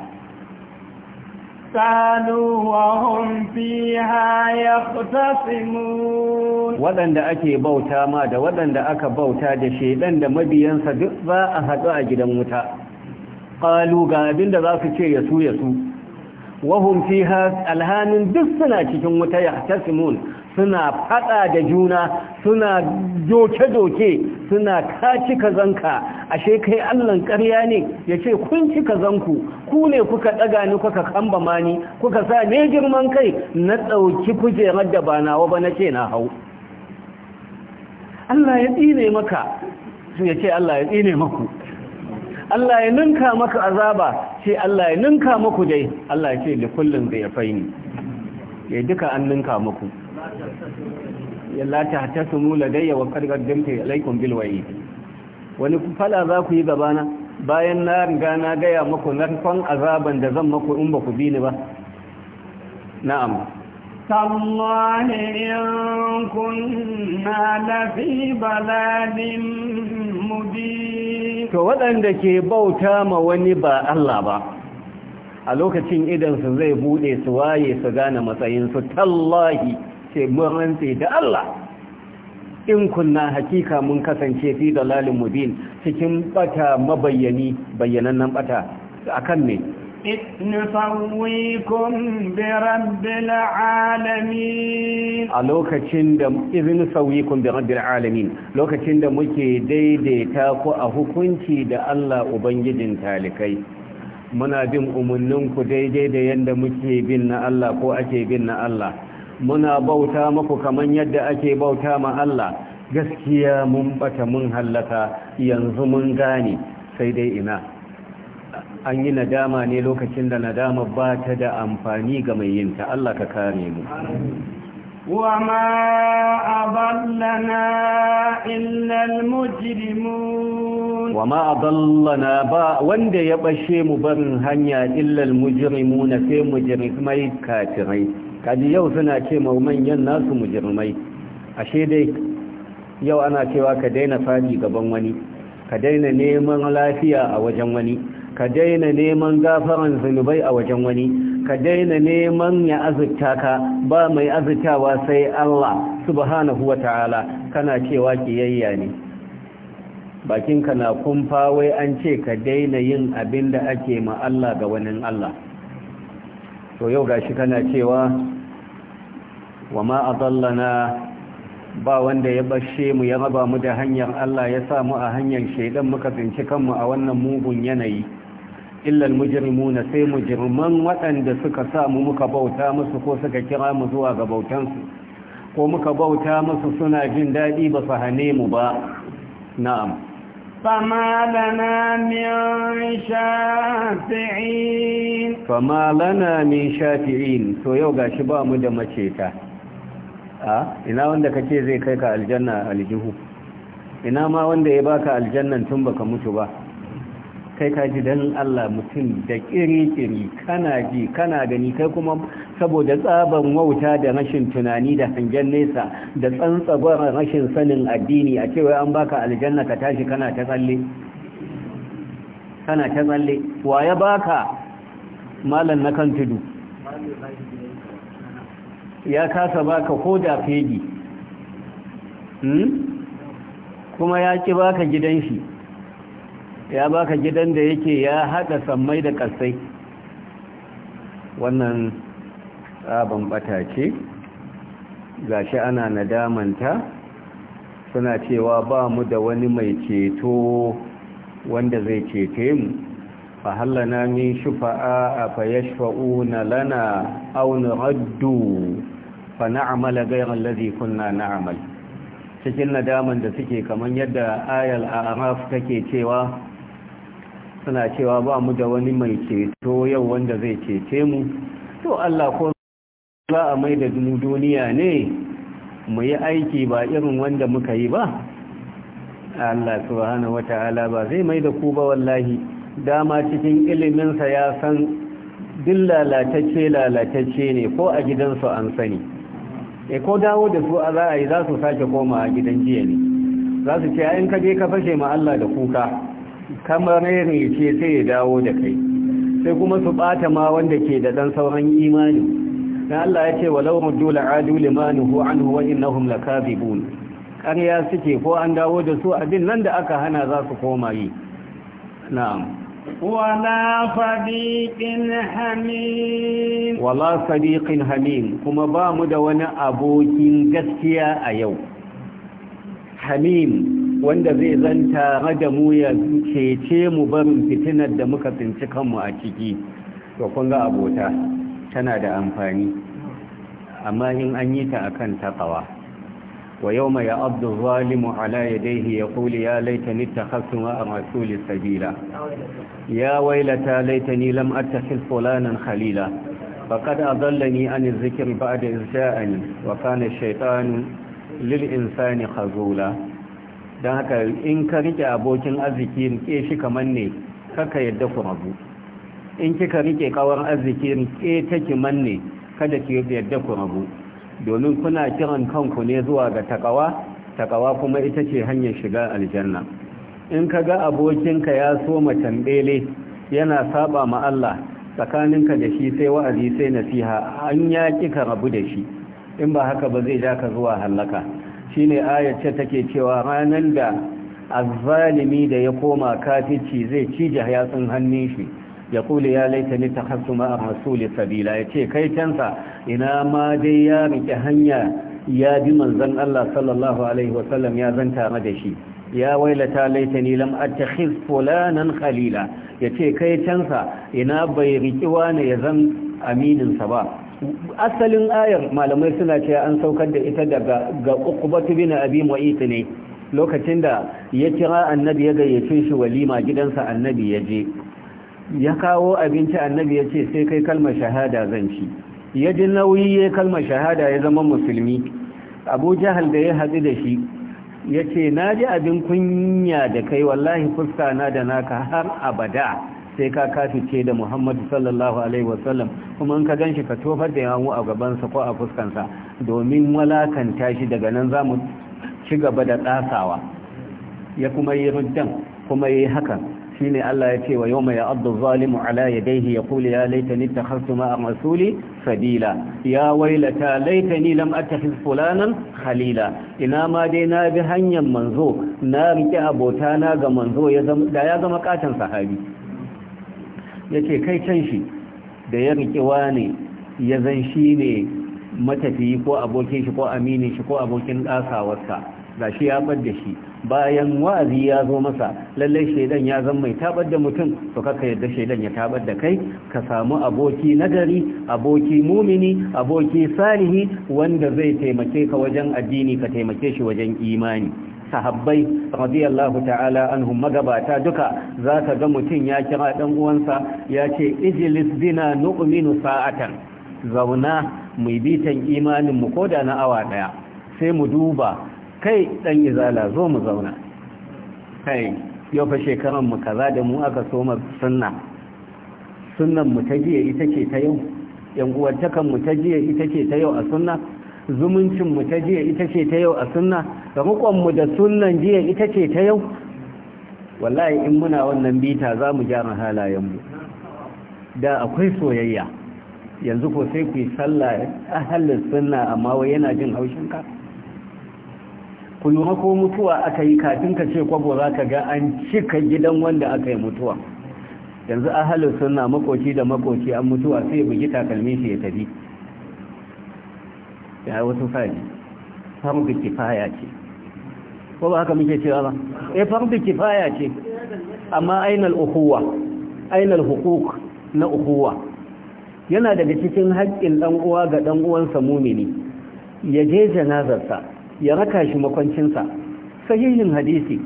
Speaker 3: كانوا وهم فيها يختصمون
Speaker 1: waɗanda ake bauta ma da waɗanda aka bauta da shedan da mabiyansa duk za a haɗu a gidan wuta ƙalu ga abin da za su ce ya su ya su wahun fiha alhanin duk suna cikin wuta ya suna fada da juna suna doke-doke suna kaci cika zanka ashe kai allan ƙarya ne ya ce kun ci kazanku ku ne kuka ɗaga ni kuka kambama ni kuka sa ne girman kai na ɗauki kujerar da ba nawa ba na ce na hau Allah ya tsine maka ya ce Allah ya tsine maku Allah ya ninka maka azaba ce Allah ya ninka maku dai Allah ya ce kullum da ya faini ya duka an ninka maku yalla ta ta sumu ladayya wa qad qaddamtu ilaykum bil wa'id wani fala za ku yi gabana bayan na riga na gaya muku narkon azaban da zan maku in ba ku bi ni ba na'am
Speaker 3: تالله إن كنا لفي baladin mudi
Speaker 1: to waɗanda ke bauta ma wani ba Allah ba a lokacin idan su zai bude su waye su gane matsayin su tallahi ce mun rantse da Allah in kunna hakika mun kasance fi dalalin mubin cikin bata mabayyani bayyanannen bata akan ne
Speaker 3: bi rabbil alamin a
Speaker 1: lokacin da izin bi rabbil alamin lokacin da muke daidaita ku a hukunci da Allah ubangijin talikai muna bin umarninku daidai da yanda muke bin na Allah ko ake bin na Allah muna bauta maku kaman yadda ake bauta ma Allah gaskiya mun bata mun hallaka yanzu mun gane sai dai ina an yi nadama ne lokacin da nadama ba ta da amfani ga mai yinta Allah ka kare mu
Speaker 3: وما أضلنا إلا المجرمون
Speaker 1: وما أضلنا با وند يبشي مبرن هنيا إلا المجرمون في مجرمي كاترين kaji yau suna ce ma manyan nasu mujirmai ashe dai yau ana cewa ka daina fadi gaban wani ka daina neman lafiya a wajen wani ka daina neman gafaran zunubai a wajen wani ka daina neman ya azurta ka ba mai azurtawa sai Allah subhanahu wa ta'ala kana cewa kiyayya ne bakinka na kumfa wai an ce ka daina yin abin da ake ma Allah ga wani Allah to yau gashi kana cewa wa ma adallana ba wanda ya bashe mu ya raba mu da hanyar Allah ya sa mu a hanyar shaidan muka tsinci kanmu a wannan mugun yanayi illal mujrimuna sai mujirman waɗanda suka sa mu muka bauta musu ko suka kira mu zuwa ga bautansu ko muka bauta musu suna jin daɗi ba su hane mu ba na'am
Speaker 3: fama lana min shafi'in
Speaker 1: فما yau gashi ba mu da mace ta. a ina wanda kake zai kai ka aljanna aljihu ina ma wanda ya baka aljannan tun baka mutu ba kai ka ji dan Allah mutum da kiri-kiri kana ji kana gani kai kuma saboda tsaban wauta da rashin tunani da hangen nesa da tsantsagon rashin sanin addini a cewa an baka aljanna ka tashi kana ta tsalle kana ta tsalle wa ya baka malan na kan tudu ya kasa baka ko da fegi hmm? kuma ya ki baka gidan shi ya baka gidan da yake ya haɗa sammai da ƙasai wannan tsaban batace, ga gashi ana nadamanta suna cewa ba mu da wani mai ceto wanda zai cece mu fahallana min shufa'a a yashfa'una lana aw raddu fa na'amala ghayra allazi kunna na'mal cikin nadaman da suke kamar yadda ayal a'raf take cewa suna cewa ba mu da wani mai ceto yau wanda zai cece mu to Allah ko za a mai da duniya ne mu yi aiki ba irin wanda muka yi ba Allah subhanahu wata'ala ba zai mai da ku ba wallahi dama cikin iliminsa ya san duk lalatacce lalatacce ne ko a gidansu an sani e ko dawo da su a za yi za su sake koma a gidan jiya ne za su ce ayin ka je ka fashe ma Allah da kuka kamar ne ce sai ya dawo da kai sai kuma su bata ma wanda ke da dan sauran imani dan Allah ya ce walau ruddu la'adu limanuhu anhu wa innahum lakathibun ƙarya suke ko an dawo da su abin nan da aka hana za su koma yi na'am
Speaker 3: wala sadiqin hamim
Speaker 1: wala sadiqin hamim kuma ba mu da wani abokin gaskiya a yau hamim wanda zai zanta da mu ya cece mu barin fitinar da muka tsinci kanmu a ciki to kun ga abota tana da amfani amma in an yi ta akan takawa ويوم يعض الظالم على يديه يقول يا ليتني اتخذت مع الرسول سبيلا يا ويلتى ليتني لم اتخذ فلانا خليلا فقد اضلني عن الذكر بعد اذ جاءني وكان الشيطان للانسان خذولا don haka in ka rike abokin arziki rike shi kamar ne kaka yadda ku rabu in kika rike kawar arziki rike take manne kada ki yadda ku rabu domin kuna kiran kanku ne zuwa ga takawa takawa kuma ita ce hanyar shiga aljanna in ka ga abokinka ya so matambele yana saba ma Allah tsakaninka da shi sai wa'azi sai nasiha an ya kika rabu da shi in ba haka ba zai ja ka zuwa hallaka shine ayyace take cewa ranar da azzalimi da ya koma kafici zai cije yatsun hannun shi ya kuli ya laita ni ta hasu ma'ar rasuli sabila ya ce kai cansa ina ma dai ya rike hanya ya bi manzan Allah sallallahu alaihi wasallam ya zanta ma da shi ya wailata laita ni lam attakhiz fulanan khalila ya ce kai cansa ina bai wa wani ya zan amininsa ba asalin ayar malamai suna ce an saukar da ita daga ga uqbatu bin abi mu'ayth ne lokacin da ya kira annabi ya gayyace shi walima gidansa annabi ya je ya kawo abinci annabi ya ce sai kai kalmar shahada zan ci ya ji nauyi ya kalmar shahada ya zama musulmi abu jahal da ya haɗu da shi ya ce na ji abin kunya da kai wallahi fuska na da naka har abada sai ka kafi ce da muhammadu sallallahu alaihi wasallam kuma in ka gan shi ka tofar da yawon a gabansa ko a fuskansa domin walakanta shi daga nan za mu ci gaba da ɗasawa ya kuma yi ruddan kuma yi hakan shine Allah ya ce wa yawma mai zalimu ala yadayhi daihi ya ya laitani ma a rasuli fadila ya wailata laitani lam attakhiz fulanan khalila ina ma dai na bi hanyar manzo na rike abota na ga manzo da ya zama katan sahabi Yake kai can shi da ya rike wani ya zan shine matafiyi ko abokin shi ko aminin shi ko abokin dasawarsa gashi ya bar da shi bayan wa'azi ya zo masa lallai shaidan ya zan mai tabar da mutum to kaka yadda shaidan ya tabar da kai ka samu aboki nagari aboki mumini aboki salihi wanda zai taimake ka wajen addini ka taimake shi wajen imani sahabbai radiyallahu ta'ala anhum magabata duka zaka ga mutum ya kira dan uwansa ya ce ijlis bina nu'minu sa'atan zauna mu bitan imanin mu koda na awa daya sai mu duba kai dan izala zo mu zauna kai yau fa shekaran mu kaza da mu aka soma sunna sunnan mu ta jiya ita ce ta yau yan uwartakan mu ta jiya ita ce ta yau a sunna zumuncin mu ta jiya ita ce ta yau a sunna Rukonmu mu da sunnan jiya ita ce ta yau wallahi in muna wannan bita za mu gyara halayen mu da akwai soyayya yanzu ko sai ku yi sallah ahalin sunna amma wai yana jin haushin ka ku yi mako mutuwa aka yi kafin ka ce kwabo za ka ga an cika gidan wanda aka yi mutuwa yanzu a halin suna makoci da makoci an mutuwa sai bugi takalmi shi ya tafi ya wasu fari farbi kifaya ce ko ba haka muke cewa ba eh farbi kifaya ce amma ainal uhuwa ainal hukuk na uhuwa yana daga cikin haƙƙin ɗan'uwa uwa ga ɗan'uwansa uwansa mumini ya je janazarsa ya raka shi makwancinsa sahihin hadisi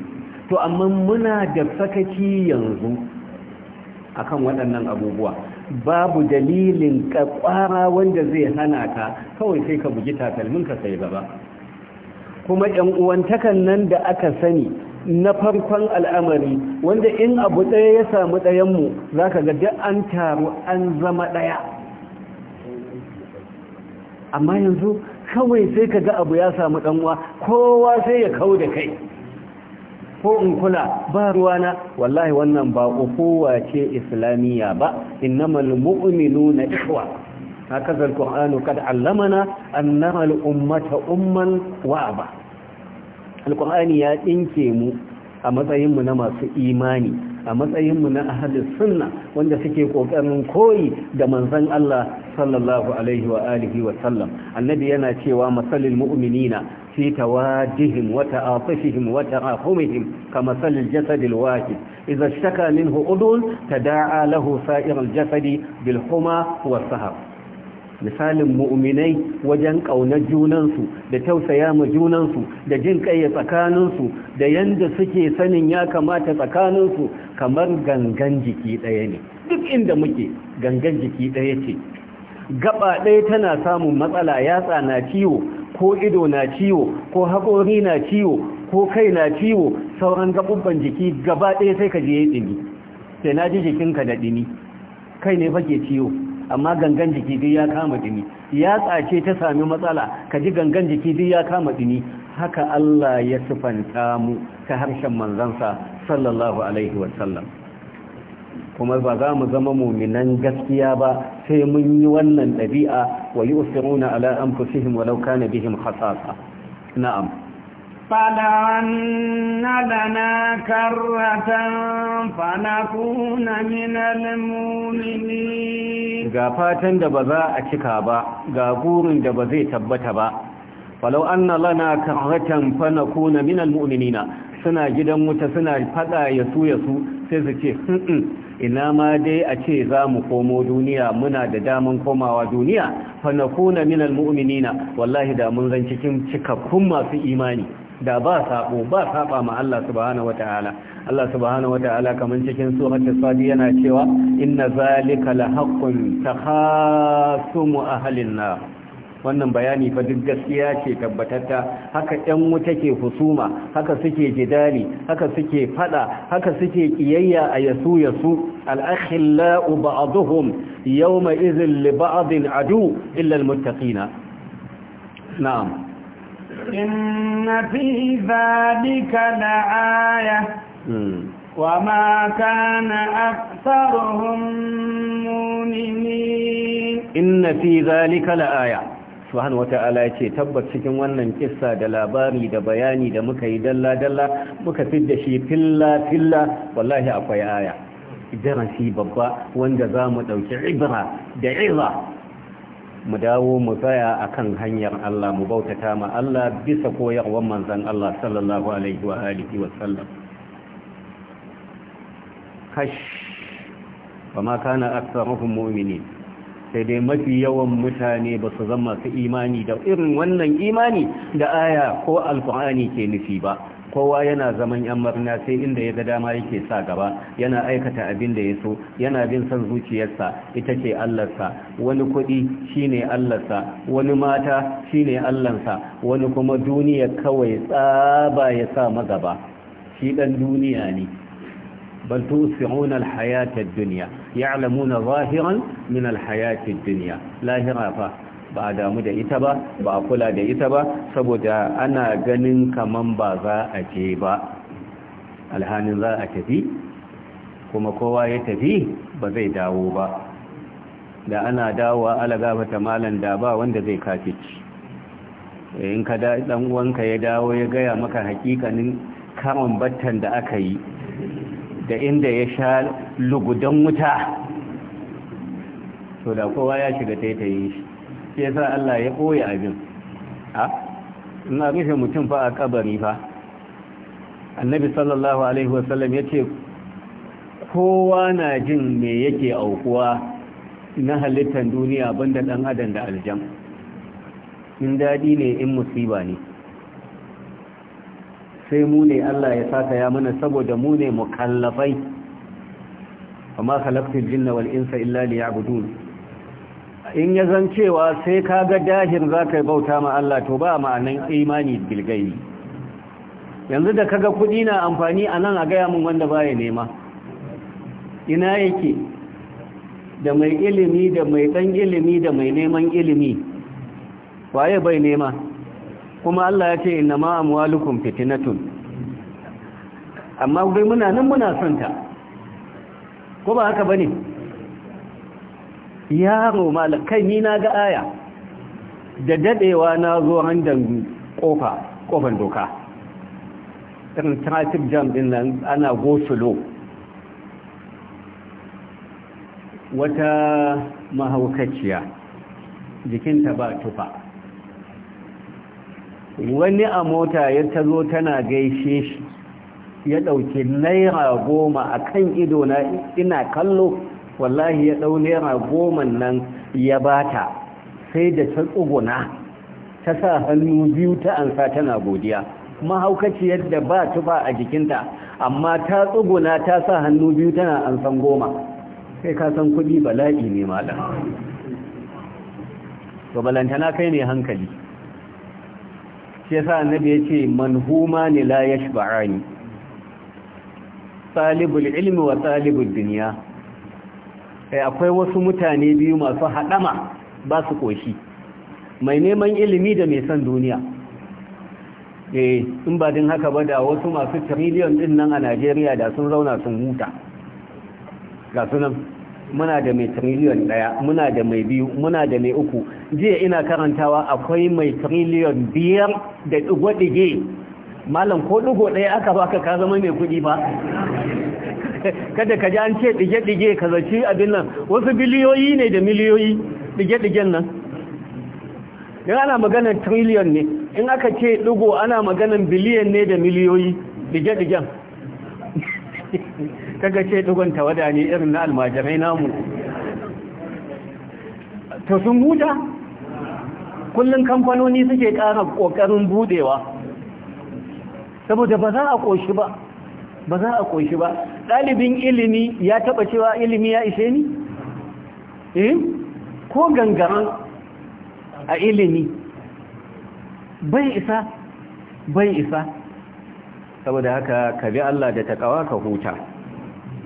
Speaker 1: to amma muna da sakaci yanzu akan waɗannan abubuwa babu dalilin ƙaƙwara wanda zai hana ka kawai sai ka bugi ka sai gaba kuma ‘yan uwantakan nan da aka sani na farkon al'amari wanda in abu ɗaya ya samu ɗayanmu za ka ga duk an taru an zama ɗaya amma yanzu kawai sai ka ga abu ya samu ɗanwa kowa sai ya kawo da kai ko in kula ba ruwana wallahi wannan ba Kowa ce islamiyya ba innamal Na ikhwa hakaza alqur'anu kad allamana annamal ummata umman wa ba alqur'ani ya dinke mu a matsayinmu na masu imani a matsayinmu na ahalin sunna wanda suke ƙoƙarin koyi da manzon Allah sallallahu alaihi wa alihi wa sallam annabi yana cewa masalil mu'minina fi tawadihim wa ta'atufihim wa ta'ahumihim kama salil jasadil wahid idza ishtaka minhu udun tada'a lahu sa'irul jasadi bil huma wa sahab misalin mu'minai wajen ƙaunar junansu da tausaya ma junansu da jin ƙaye tsakaninsu da yanda suke sanin ya kamata tsakaninsu kamar gangan jiki ɗaya ne duk inda muke gangan jiki ɗaya ce gaba ɗaya tana samun matsala yatsa na ciwo ko ido na ciwo ko haƙori na ciwo ko kai na ciwo sauran gaɓuɓɓan jiki gaba ɗaya sai ka je yi ɗini sai na ji jikinka da ɗini kai ne fake ciwo amma gangan jiki duk ya kama dini ya tsace ta sami matsala ka ji gangan jiki duk ya kama dini haka Allah ya sifanta mu ta harshen manzansa sallallahu alaihi wasallam kuma ba za mu zama muminan gaskiya ba sai mun yi wannan ɗabi'a wa yi ala anfusihim walau kana bihim khasasa na'am
Speaker 3: فلو أن لنا كرة فنكون من المؤمنين
Speaker 1: ga fatan da ba za a cika ba ga gurin da ba zai tabbata ba falau anna lana karatan fanakuna min almu'minina suna gidan wuta suna fada ya su ya su sai su ce ina ma dai a ce za mu komo duniya muna da daman komawa duniya fanakuna min almu'minina wallahi da mun zan cikin cikakkun masu imani da ba saɓo ba saɓa ma Allah subhanahu wataala Allah subhanahu wataala kaman cikin suratul sadi yana cewa inna zalika lahaqqun takhasumu ahlin na. wannan bayani fa duk gaskiya ce tabbatatta haka ɗan wuta ke husuma haka suke jidali haka suke fada haka suke kiyayya a yasu yasu al-akhillau ba'dhum yawma idhil li ba'dhin adu illa al-muttaqina na'am
Speaker 3: إن في ذلك لآية وما كان أكثرهم مؤمنين
Speaker 1: إن في ذلك لآية subhanahu wata'ala yace tabbas cikin wannan kissa da labari da bayani da muka yi dalla dalla muka fidda shi filla filla wallahi akwai aya darasi babba wanda zamu dauki ibra da iza mu dawo mu tsaya kan hanyar Allah mu bautata ma Allah bisa koyarwar manzon Allah sallallahu alaihi wa alihi wa sallam kash ma kana mu'minin sai dai mafi yawan mutane ba su zama su imani da irin wannan imani da aya ko alkur'ani ke nufi ba kowa yana zaman yan marna sai inda ya ga dama yake sa gaba yana aikata abin da ya so yana bin son zuciyarsa ita ce allarsa wani kuɗi shine allarsa wani mata shine allansa wani kuma duniya kawai tsaba ya sa magaba shi dan duniya ne bal tusfi'una duniya ad-dunya ya'lamuna zahiran min alhayati ad-dunya lahira fa ba a damu da ita ba ba a kula da ita ba saboda ana ganin kaman ba za a je ba alhanin za a tafi kuma kowa ya tafi ba zai dawo ba da ana dawowa alaga ta malan da ba wanda zai ci. Eh, in ka dan uwanka ya dawo ya gaya maka hakikanin kaman battan da aka yi da inda ya sha lugudan wuta to da kowa ya shiga taitayin shi ke sa Allah ya koya abin a ina rufe mutum fa a kabari fa annabi sallallahu alaihi wasallam yace kowa na jin me yake aukuwa na halittar duniya banda dan adam da aljam. in dadi ne in musiba ne sai mu ne Allah ya saka ya mana saboda mu ne mukallafai amma khalaqtul jinna wal insa illa liya'budun in ya zan cewa sai ka ga dahin za ka bauta ma Allah to ba ma'anin imani bilgai yanzu da kaga kudi na amfani a nan a gaya mun wanda ba ya nema ina yake da mai ilimi da mai dan ilimi da mai neman ilimi waye bai nema kuma Allah ya ce inna ma'amwalukum fitnatun amma dai muna nan muna son ta ko ba haka bane yaro malakai ni na ga aya da dadewa na zo handan kofa kofan doka irin traffic jam din nan ana go wata mahaukaciya jikinta ba tufa wani a mota ya tazo tana gaishe shi ya ɗauki naira goma a kan idona ina kallo wallahi ya ɗau naira goma nan ya bata sai da ta tsuguna ta sa hannu biyu ta ansa tana godiya mahaukaciyar yadda ba tufa a jikinta amma ta tsuguna ta sa hannu biyu tana ansan goma sai ka san kuɗi bala'i ne malam to balantana kai ne hankali shi yasa annabi yace manhuma ne la yashba'ani talibul ilmi wa talibul dunya Eh, akwai wasu mutane biyu masu haɗama ba su ƙoshi mai neman ilimi da mai son duniya eh in ba din haka ba da wasu masu trillion din nan a Najeriya da sun zauna sun huta ga sunan muna da mai trillion daya muna da mai biyu muna da mai uku jiya ina karantawa akwai mai trillion biyar da digo-dige malam ko ɗigo ɗaya aka baka ka zama mai kuɗi ba kada ka ji an ce ɗige-ɗige ka zaci abin nan wasu biliyoyi ne da miliyoyi ɗige-ɗigen nan don ana maganar triliyon ne in aka ce ɗigo ana maganar biliyan ne da miliyoyi ɗige-ɗigen kaga ce ɗigon tawada ne irin na almajirai namu ta sun huta kullum kamfanoni suke ƙara ƙoƙarin budewa saboda ba za a ƙoshi ba ba za a ƙoshi ba ɗalibin ilimi ya taɓa cewa ilimi ya ishe ni? eh ko gangaren a ilimi bai isa bai isa saboda haka ka bi Allah da ƙawa ka huta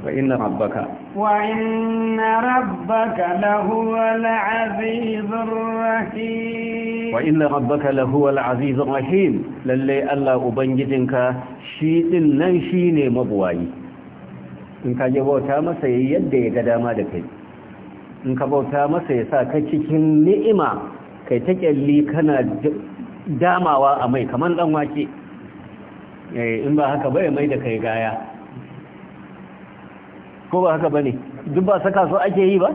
Speaker 1: wa inna rabbaka
Speaker 3: wa inna rabbaka lahuwal azizur rahim
Speaker 1: wa inna rabbaka lahuwal azizur rahim lalle Allah ubangijinka shi din nan shine mabuwayi in ka je bauta masa yi yadda ya ga dama da kai in ka bauta masa ya sa ka cikin ni'ima kai ta kyalli kana damawa a mai kamar dan wake eh, in ba haka bai mai da kai gaya ko ba haka bane duk ba saka so ake yi ba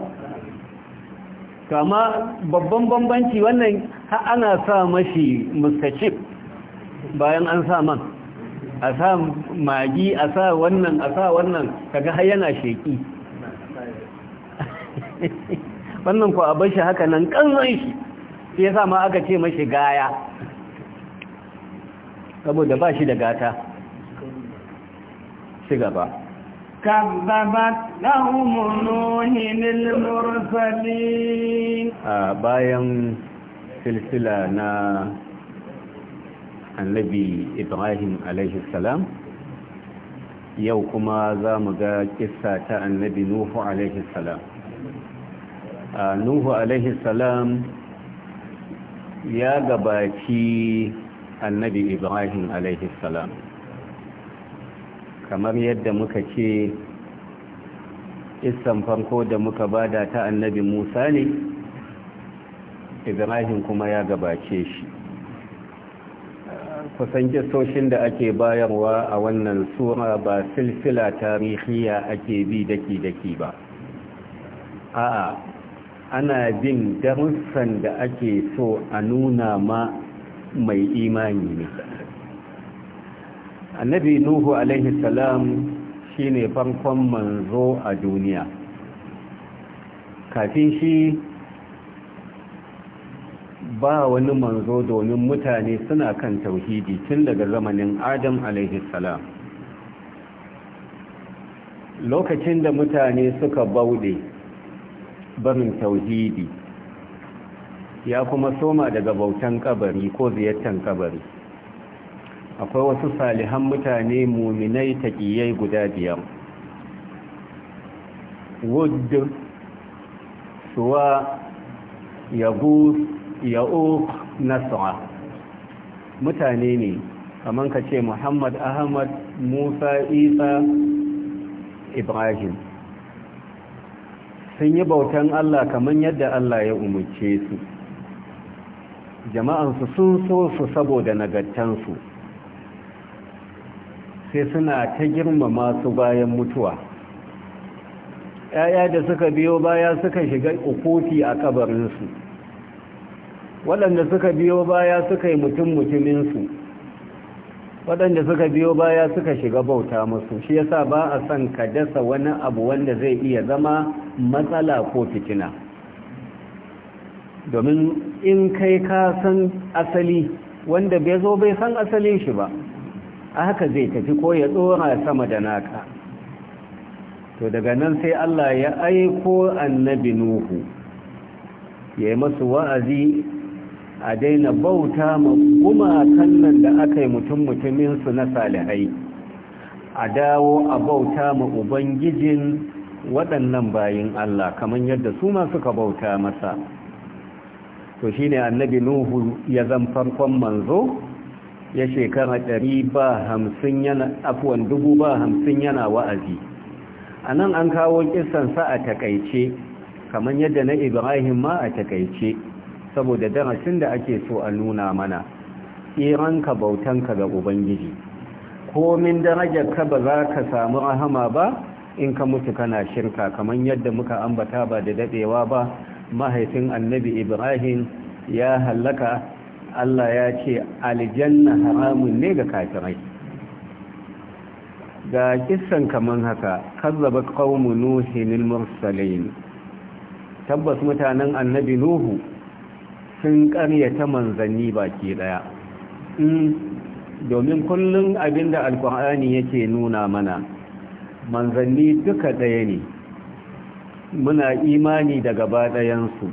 Speaker 1: kama babban bambanci wannan ana sa mashi mustachip bayan an sa man a sa magi a sa wannan a sa wannan kaga har yana sheki wannan ku a bashi shi haka nan kanzon shi sai sa ma aka ce mashi gaya saboda ba shi da gata shi gaba
Speaker 3: كذبت لهم نوح mursalin
Speaker 1: a bayan silsila na. annabi ibrahim alaihi salam yau kuma za mu ga kisa ta annabi nuhu alaihi salam nuhu alaihi salam ya gabaci annabi ibrahim alaihi salam kamar yadda muka ce isan farko da muka bada ta annabi musa ne ibrahim kuma ya gabace shi kusan kisoshin da ake bayarwa a wannan sura ba silsila tarihiya ake bi daki-daki ba a'a ana bin darussan da ake so a nuna ma mai imani ne annabi nuhu alaihi salam shine farkon manzo a duniya kafin shi ba wani manzo domin mutane suna kan tauhidi tun daga zamanin adam salam lokacin da mutane suka baude barin tauhidi ya kuma soma daga bautan kabari ko ziyartan kabari akwai wasu salihan mutane muminai taƙiyai guda biyar wudu suwa yagus ya'uq nasra mutane ne kamar ka ce muhammad ahmad musa isa ibrahim sun yi bautan allah kamar yadda allah ya umarce su jama'ansu sun so su saboda nagartansu sai suna ta girmama su bayan mutuwa ‘ya'ya da suka biyo baya suka shiga ukufi a kabarinsu waɗanda suka biyo baya suka yi mutum mutuminsu waɗanda suka biyo baya suka shiga bauta musu shi yasa ba a son ka dasa wani abu wanda zai iya zama matsala ko fitina domin in kai ka san asali wanda bai zo bai san asalin shi ba a haka zai tafi ko ya tsora sama da naka to daga nan sai Allah ya aiko annabi Nuhu ya yi masu wa'azi a daina bauta ma gumakan nan da aka yi mutum mutuminsu na salihai a dawo a bauta ma ubangijin waɗannan bayin Allah kamar yadda su ma suka bauta masa to shine annabi nuhu ya zan farkon manzo ya shekara ɗari yana afuwan dubu ba hamsin yana wa'azi a nan an kawo sa a takaice kamar yadda na ibrahim ma a takaice saboda darasin da ake so a nuna mana ka bautan ka ga ubangiji komin darajar ka ba za ka samu rahama ba in ka mutu kana shirka kamar yadda muka ambata ba da dadewa ba mahaifin annabi ibrahim ya hallaka allah ya ce aljanna haramun ne ga kafirai ga kisan kamar haka kazzaba qaumu nuhin al-mursalin tabbas mutanen annabi nuhu sun ƙaryata manzanni baki ɗaya domin kullum abinda alkur'ani yake nuna mana manzanni duka ɗaya ne muna imani da gaba ɗayansu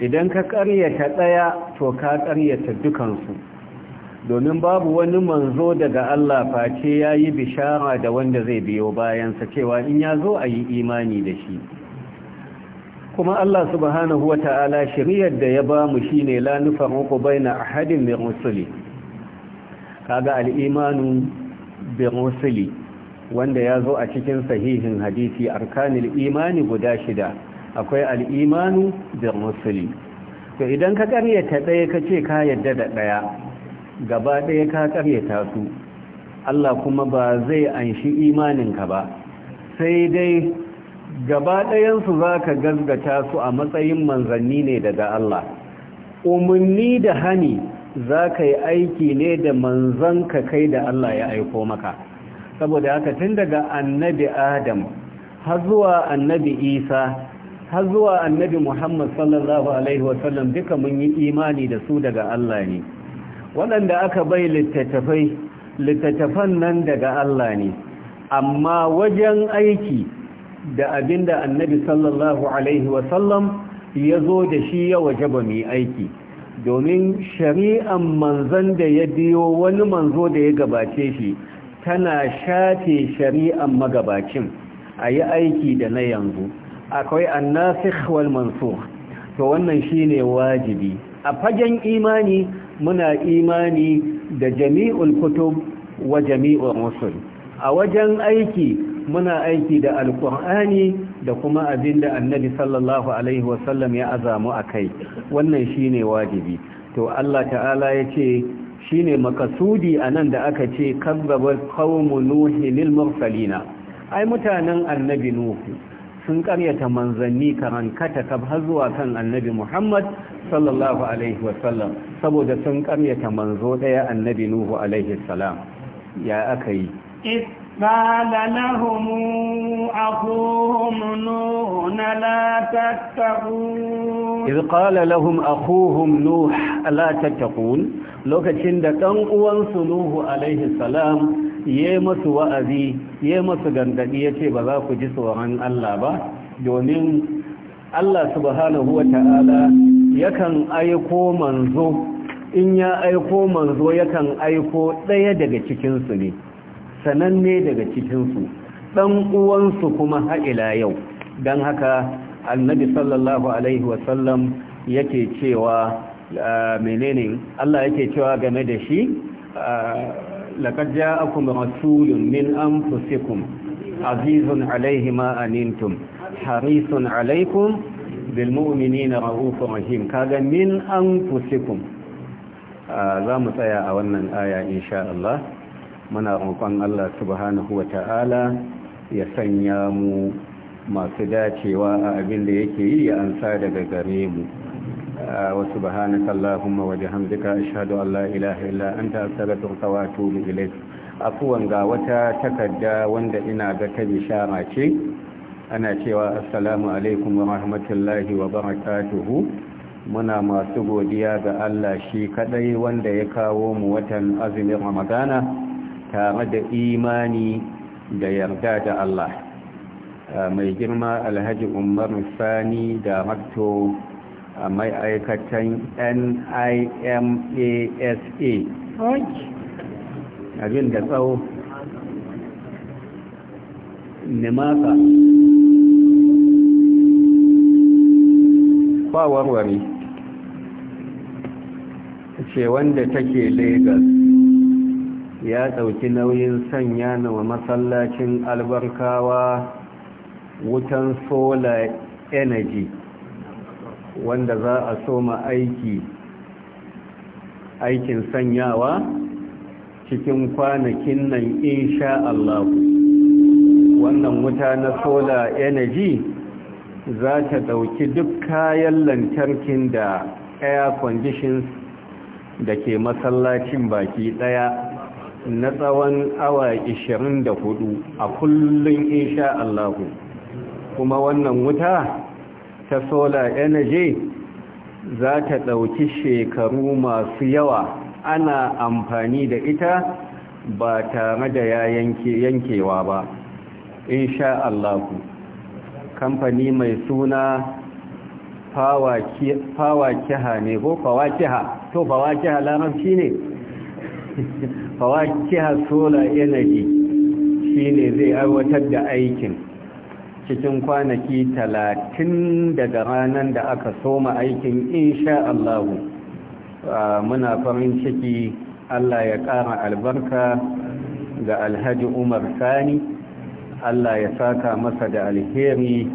Speaker 1: idan ka ƙaryata ɗaya to ka ƙaryata dukansu domin babu wani manzo daga Allah face ya yi bishara da wanda zai biyo bayansa cewa in ya zo a yi imani da shi kuma Allah subhanahu wa ta'ala shiriyar da ya ba mu shi ne baina uku baina a hadin mai rusuli kaga al'imanu bi rusuli wanda ya zo a cikin sahihin hadisi arkanin imani guda shida akwai al'imanu bi rusuli to idan ka karyata ɗaya ka ce ka yadda da ɗaya gaba ɗaya ka karyata su Allah kuma ba zai anshi imaninka ba sai dai gaba ɗayansu za ka gazgata su a matsayin manzanni ne daga Allah umarni da hani za ka yi aiki ne da manzan ka kai da Allah ya aiko maka saboda haka tun daga annabi adam har zuwa annabi isa har zuwa annabi muhammad sallallahu alaihi wasallam duka mun yi imani da su daga Allah ne waɗanda aka bai littattafai littattafan nan daga Allah ne amma wajen aiki da abinda annabi sallallahu alaihi wasallam ya zo da shi ya wajaba mai aiki domin shari'an manzan da ya biyo wani manzo da ya gabace shi tana shafe shari'an magabacin a yi aiki da na yanzu akwai annasikh wal mansur to wannan shine wajibi a fagen imani muna imani da jami'ul kutub wa jami'ul rusul a wajen aiki muna aiki da alkur'ani da kuma abin da annabi sallallahu alaihi wasallam ya azamu a kai wannan ne wajibi to Allah ta'ala ya ce shine makasudi a nan da aka ce kazzabar qaumu nuhi lil mursalina ai mutanen annabi nuhu sun karyata manzanni karankata kab har zuwa kan annabi Muhammad sallallahu alaihi wasallam saboda sun karyata manzo daya annabi nuhu alaihi salam ya aka yi
Speaker 3: قال لهم أخوهم نوح لا تتقون
Speaker 1: إذ قال لهم أخوهم نوح لا تتقون لو تند تنقوا سنوه عليه السلام يمس وأذي يمس غندقية بذاك جسو عن الله با دونين الله سبحانه وتعالى يكن aiko manzo, in ya aiko manzo yakan aiko ɗaya daga cikinsu ne sananne daga cikinsu ɗan uwansu kuma ha'ila yau don haka annabi sallallahu alaihi wasallam yake cewa ah, menene Allah yake cewa game da shi ah, laqad ja'akum rasulun min anfusikum azizun alaihi ma harisun alaikum bil mu'minina raufur rahim kaga min anfusikum ah, za mu tsaya a wannan aya insha Allah muna roƙon Allah subhanahu wa ya sanya mu masu dacewa a abin da yake yi ya ansa daga gare mu wa subhanaka allahumma wa bihamdika ashhadu an la ilaha illa anta astaghfiruka wa atubu ilayk afwan ga wata takarda wanda ina ga ta bishara ce ana cewa assalamu alaikum wa rahmatullahi wa barakatuhu muna masu godiya ga Allah shi kadai wanda ya kawo mu watan azumin Ramadana tare da imani da yarda da Allah mai girma alhaji umar sani da makto a aikatan nimasa abin da tsawo nimasa ba warware ce wanda take lagos ya ɗauki nauyin sanya wa masallacin albarkawa wutan solar energy wanda za a soma aiki aikin sanyawa cikin kwanakin nan insha Allah wannan wuta na solar energy za ta ɗauki duk kayan lantarkin da air conditions da ke masallacin baki ɗaya na tsawon awa 24 a kullum insha Allahu kuma wannan wuta ta solar energy za ta ɗauki shekaru masu yawa ana amfani da ita ba tare da ya yankewa ba insha Allahu kamfani mai suna fawa kiha ne ko fawa kiha to fawa kiha larabci ne fawakiha solar energy shine zai aiwatar da aikin cikin kwanaki talatin daga ranar da aka soma aikin insha Allah muna farin ciki Allah ya ƙara albarka ga alhaji Umar Sani Allah ya saka masa da alheri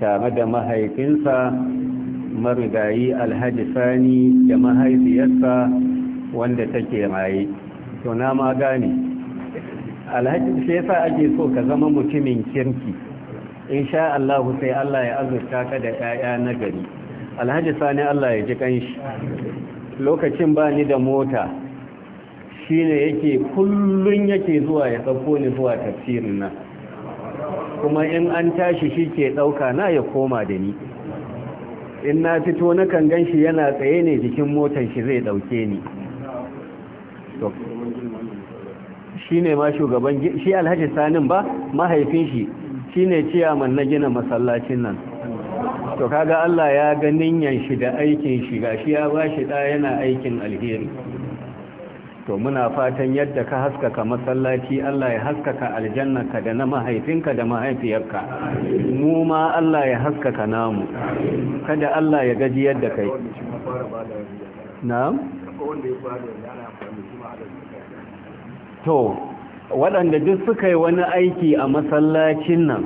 Speaker 1: tare da mahaifinsa marigayi alhaji Sani da mahaifiyarsa wanda take raye to na ma gane alhaji sai yasa ake so ka zama mutumin kirki insha Allah sai Allah ya azurta ka da 'ya'ya na gari alhaji sani Allah ya ji kanshi lokacin ba ni da mota shine yake kullun yake zuwa ya dauko ni zuwa tafsirin nan kuma in an tashi shi ke ɗauka na ya koma da ni in na fito na kan gan shi yana tsaye ne jikin motan shi zai ɗauke ni shi ne ma shugaban shi alhaji sanin ba mahaifin shi shi ne ciyaman na gina masallacin nan to kaga Allah ya ganin yanshi da aikin shi ga shi ya ba shi ɗaya yana aikin alheri to muna fatan yadda ka haskaka masallaci Allah ya haskaka aljannaka da na mahaifinka da mahaifiyarka mu ma Allah ya haskaka namu kada Allah ya gaji yadda kai na'am
Speaker 2: wanda ya fara
Speaker 1: to waɗanda duk suka yi wani aiki a masallacin nan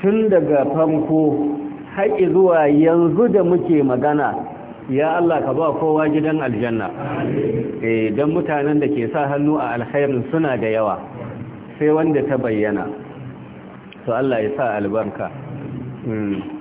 Speaker 1: tun daga farko haƙi zuwa yanzu da muke magana ya Allah ka ba kowa gidan aljanna eh dan mutanen da ke sa hannu a alkhairin suna da yawa sai wanda ta bayyana to Allah ya sa albarka hmm.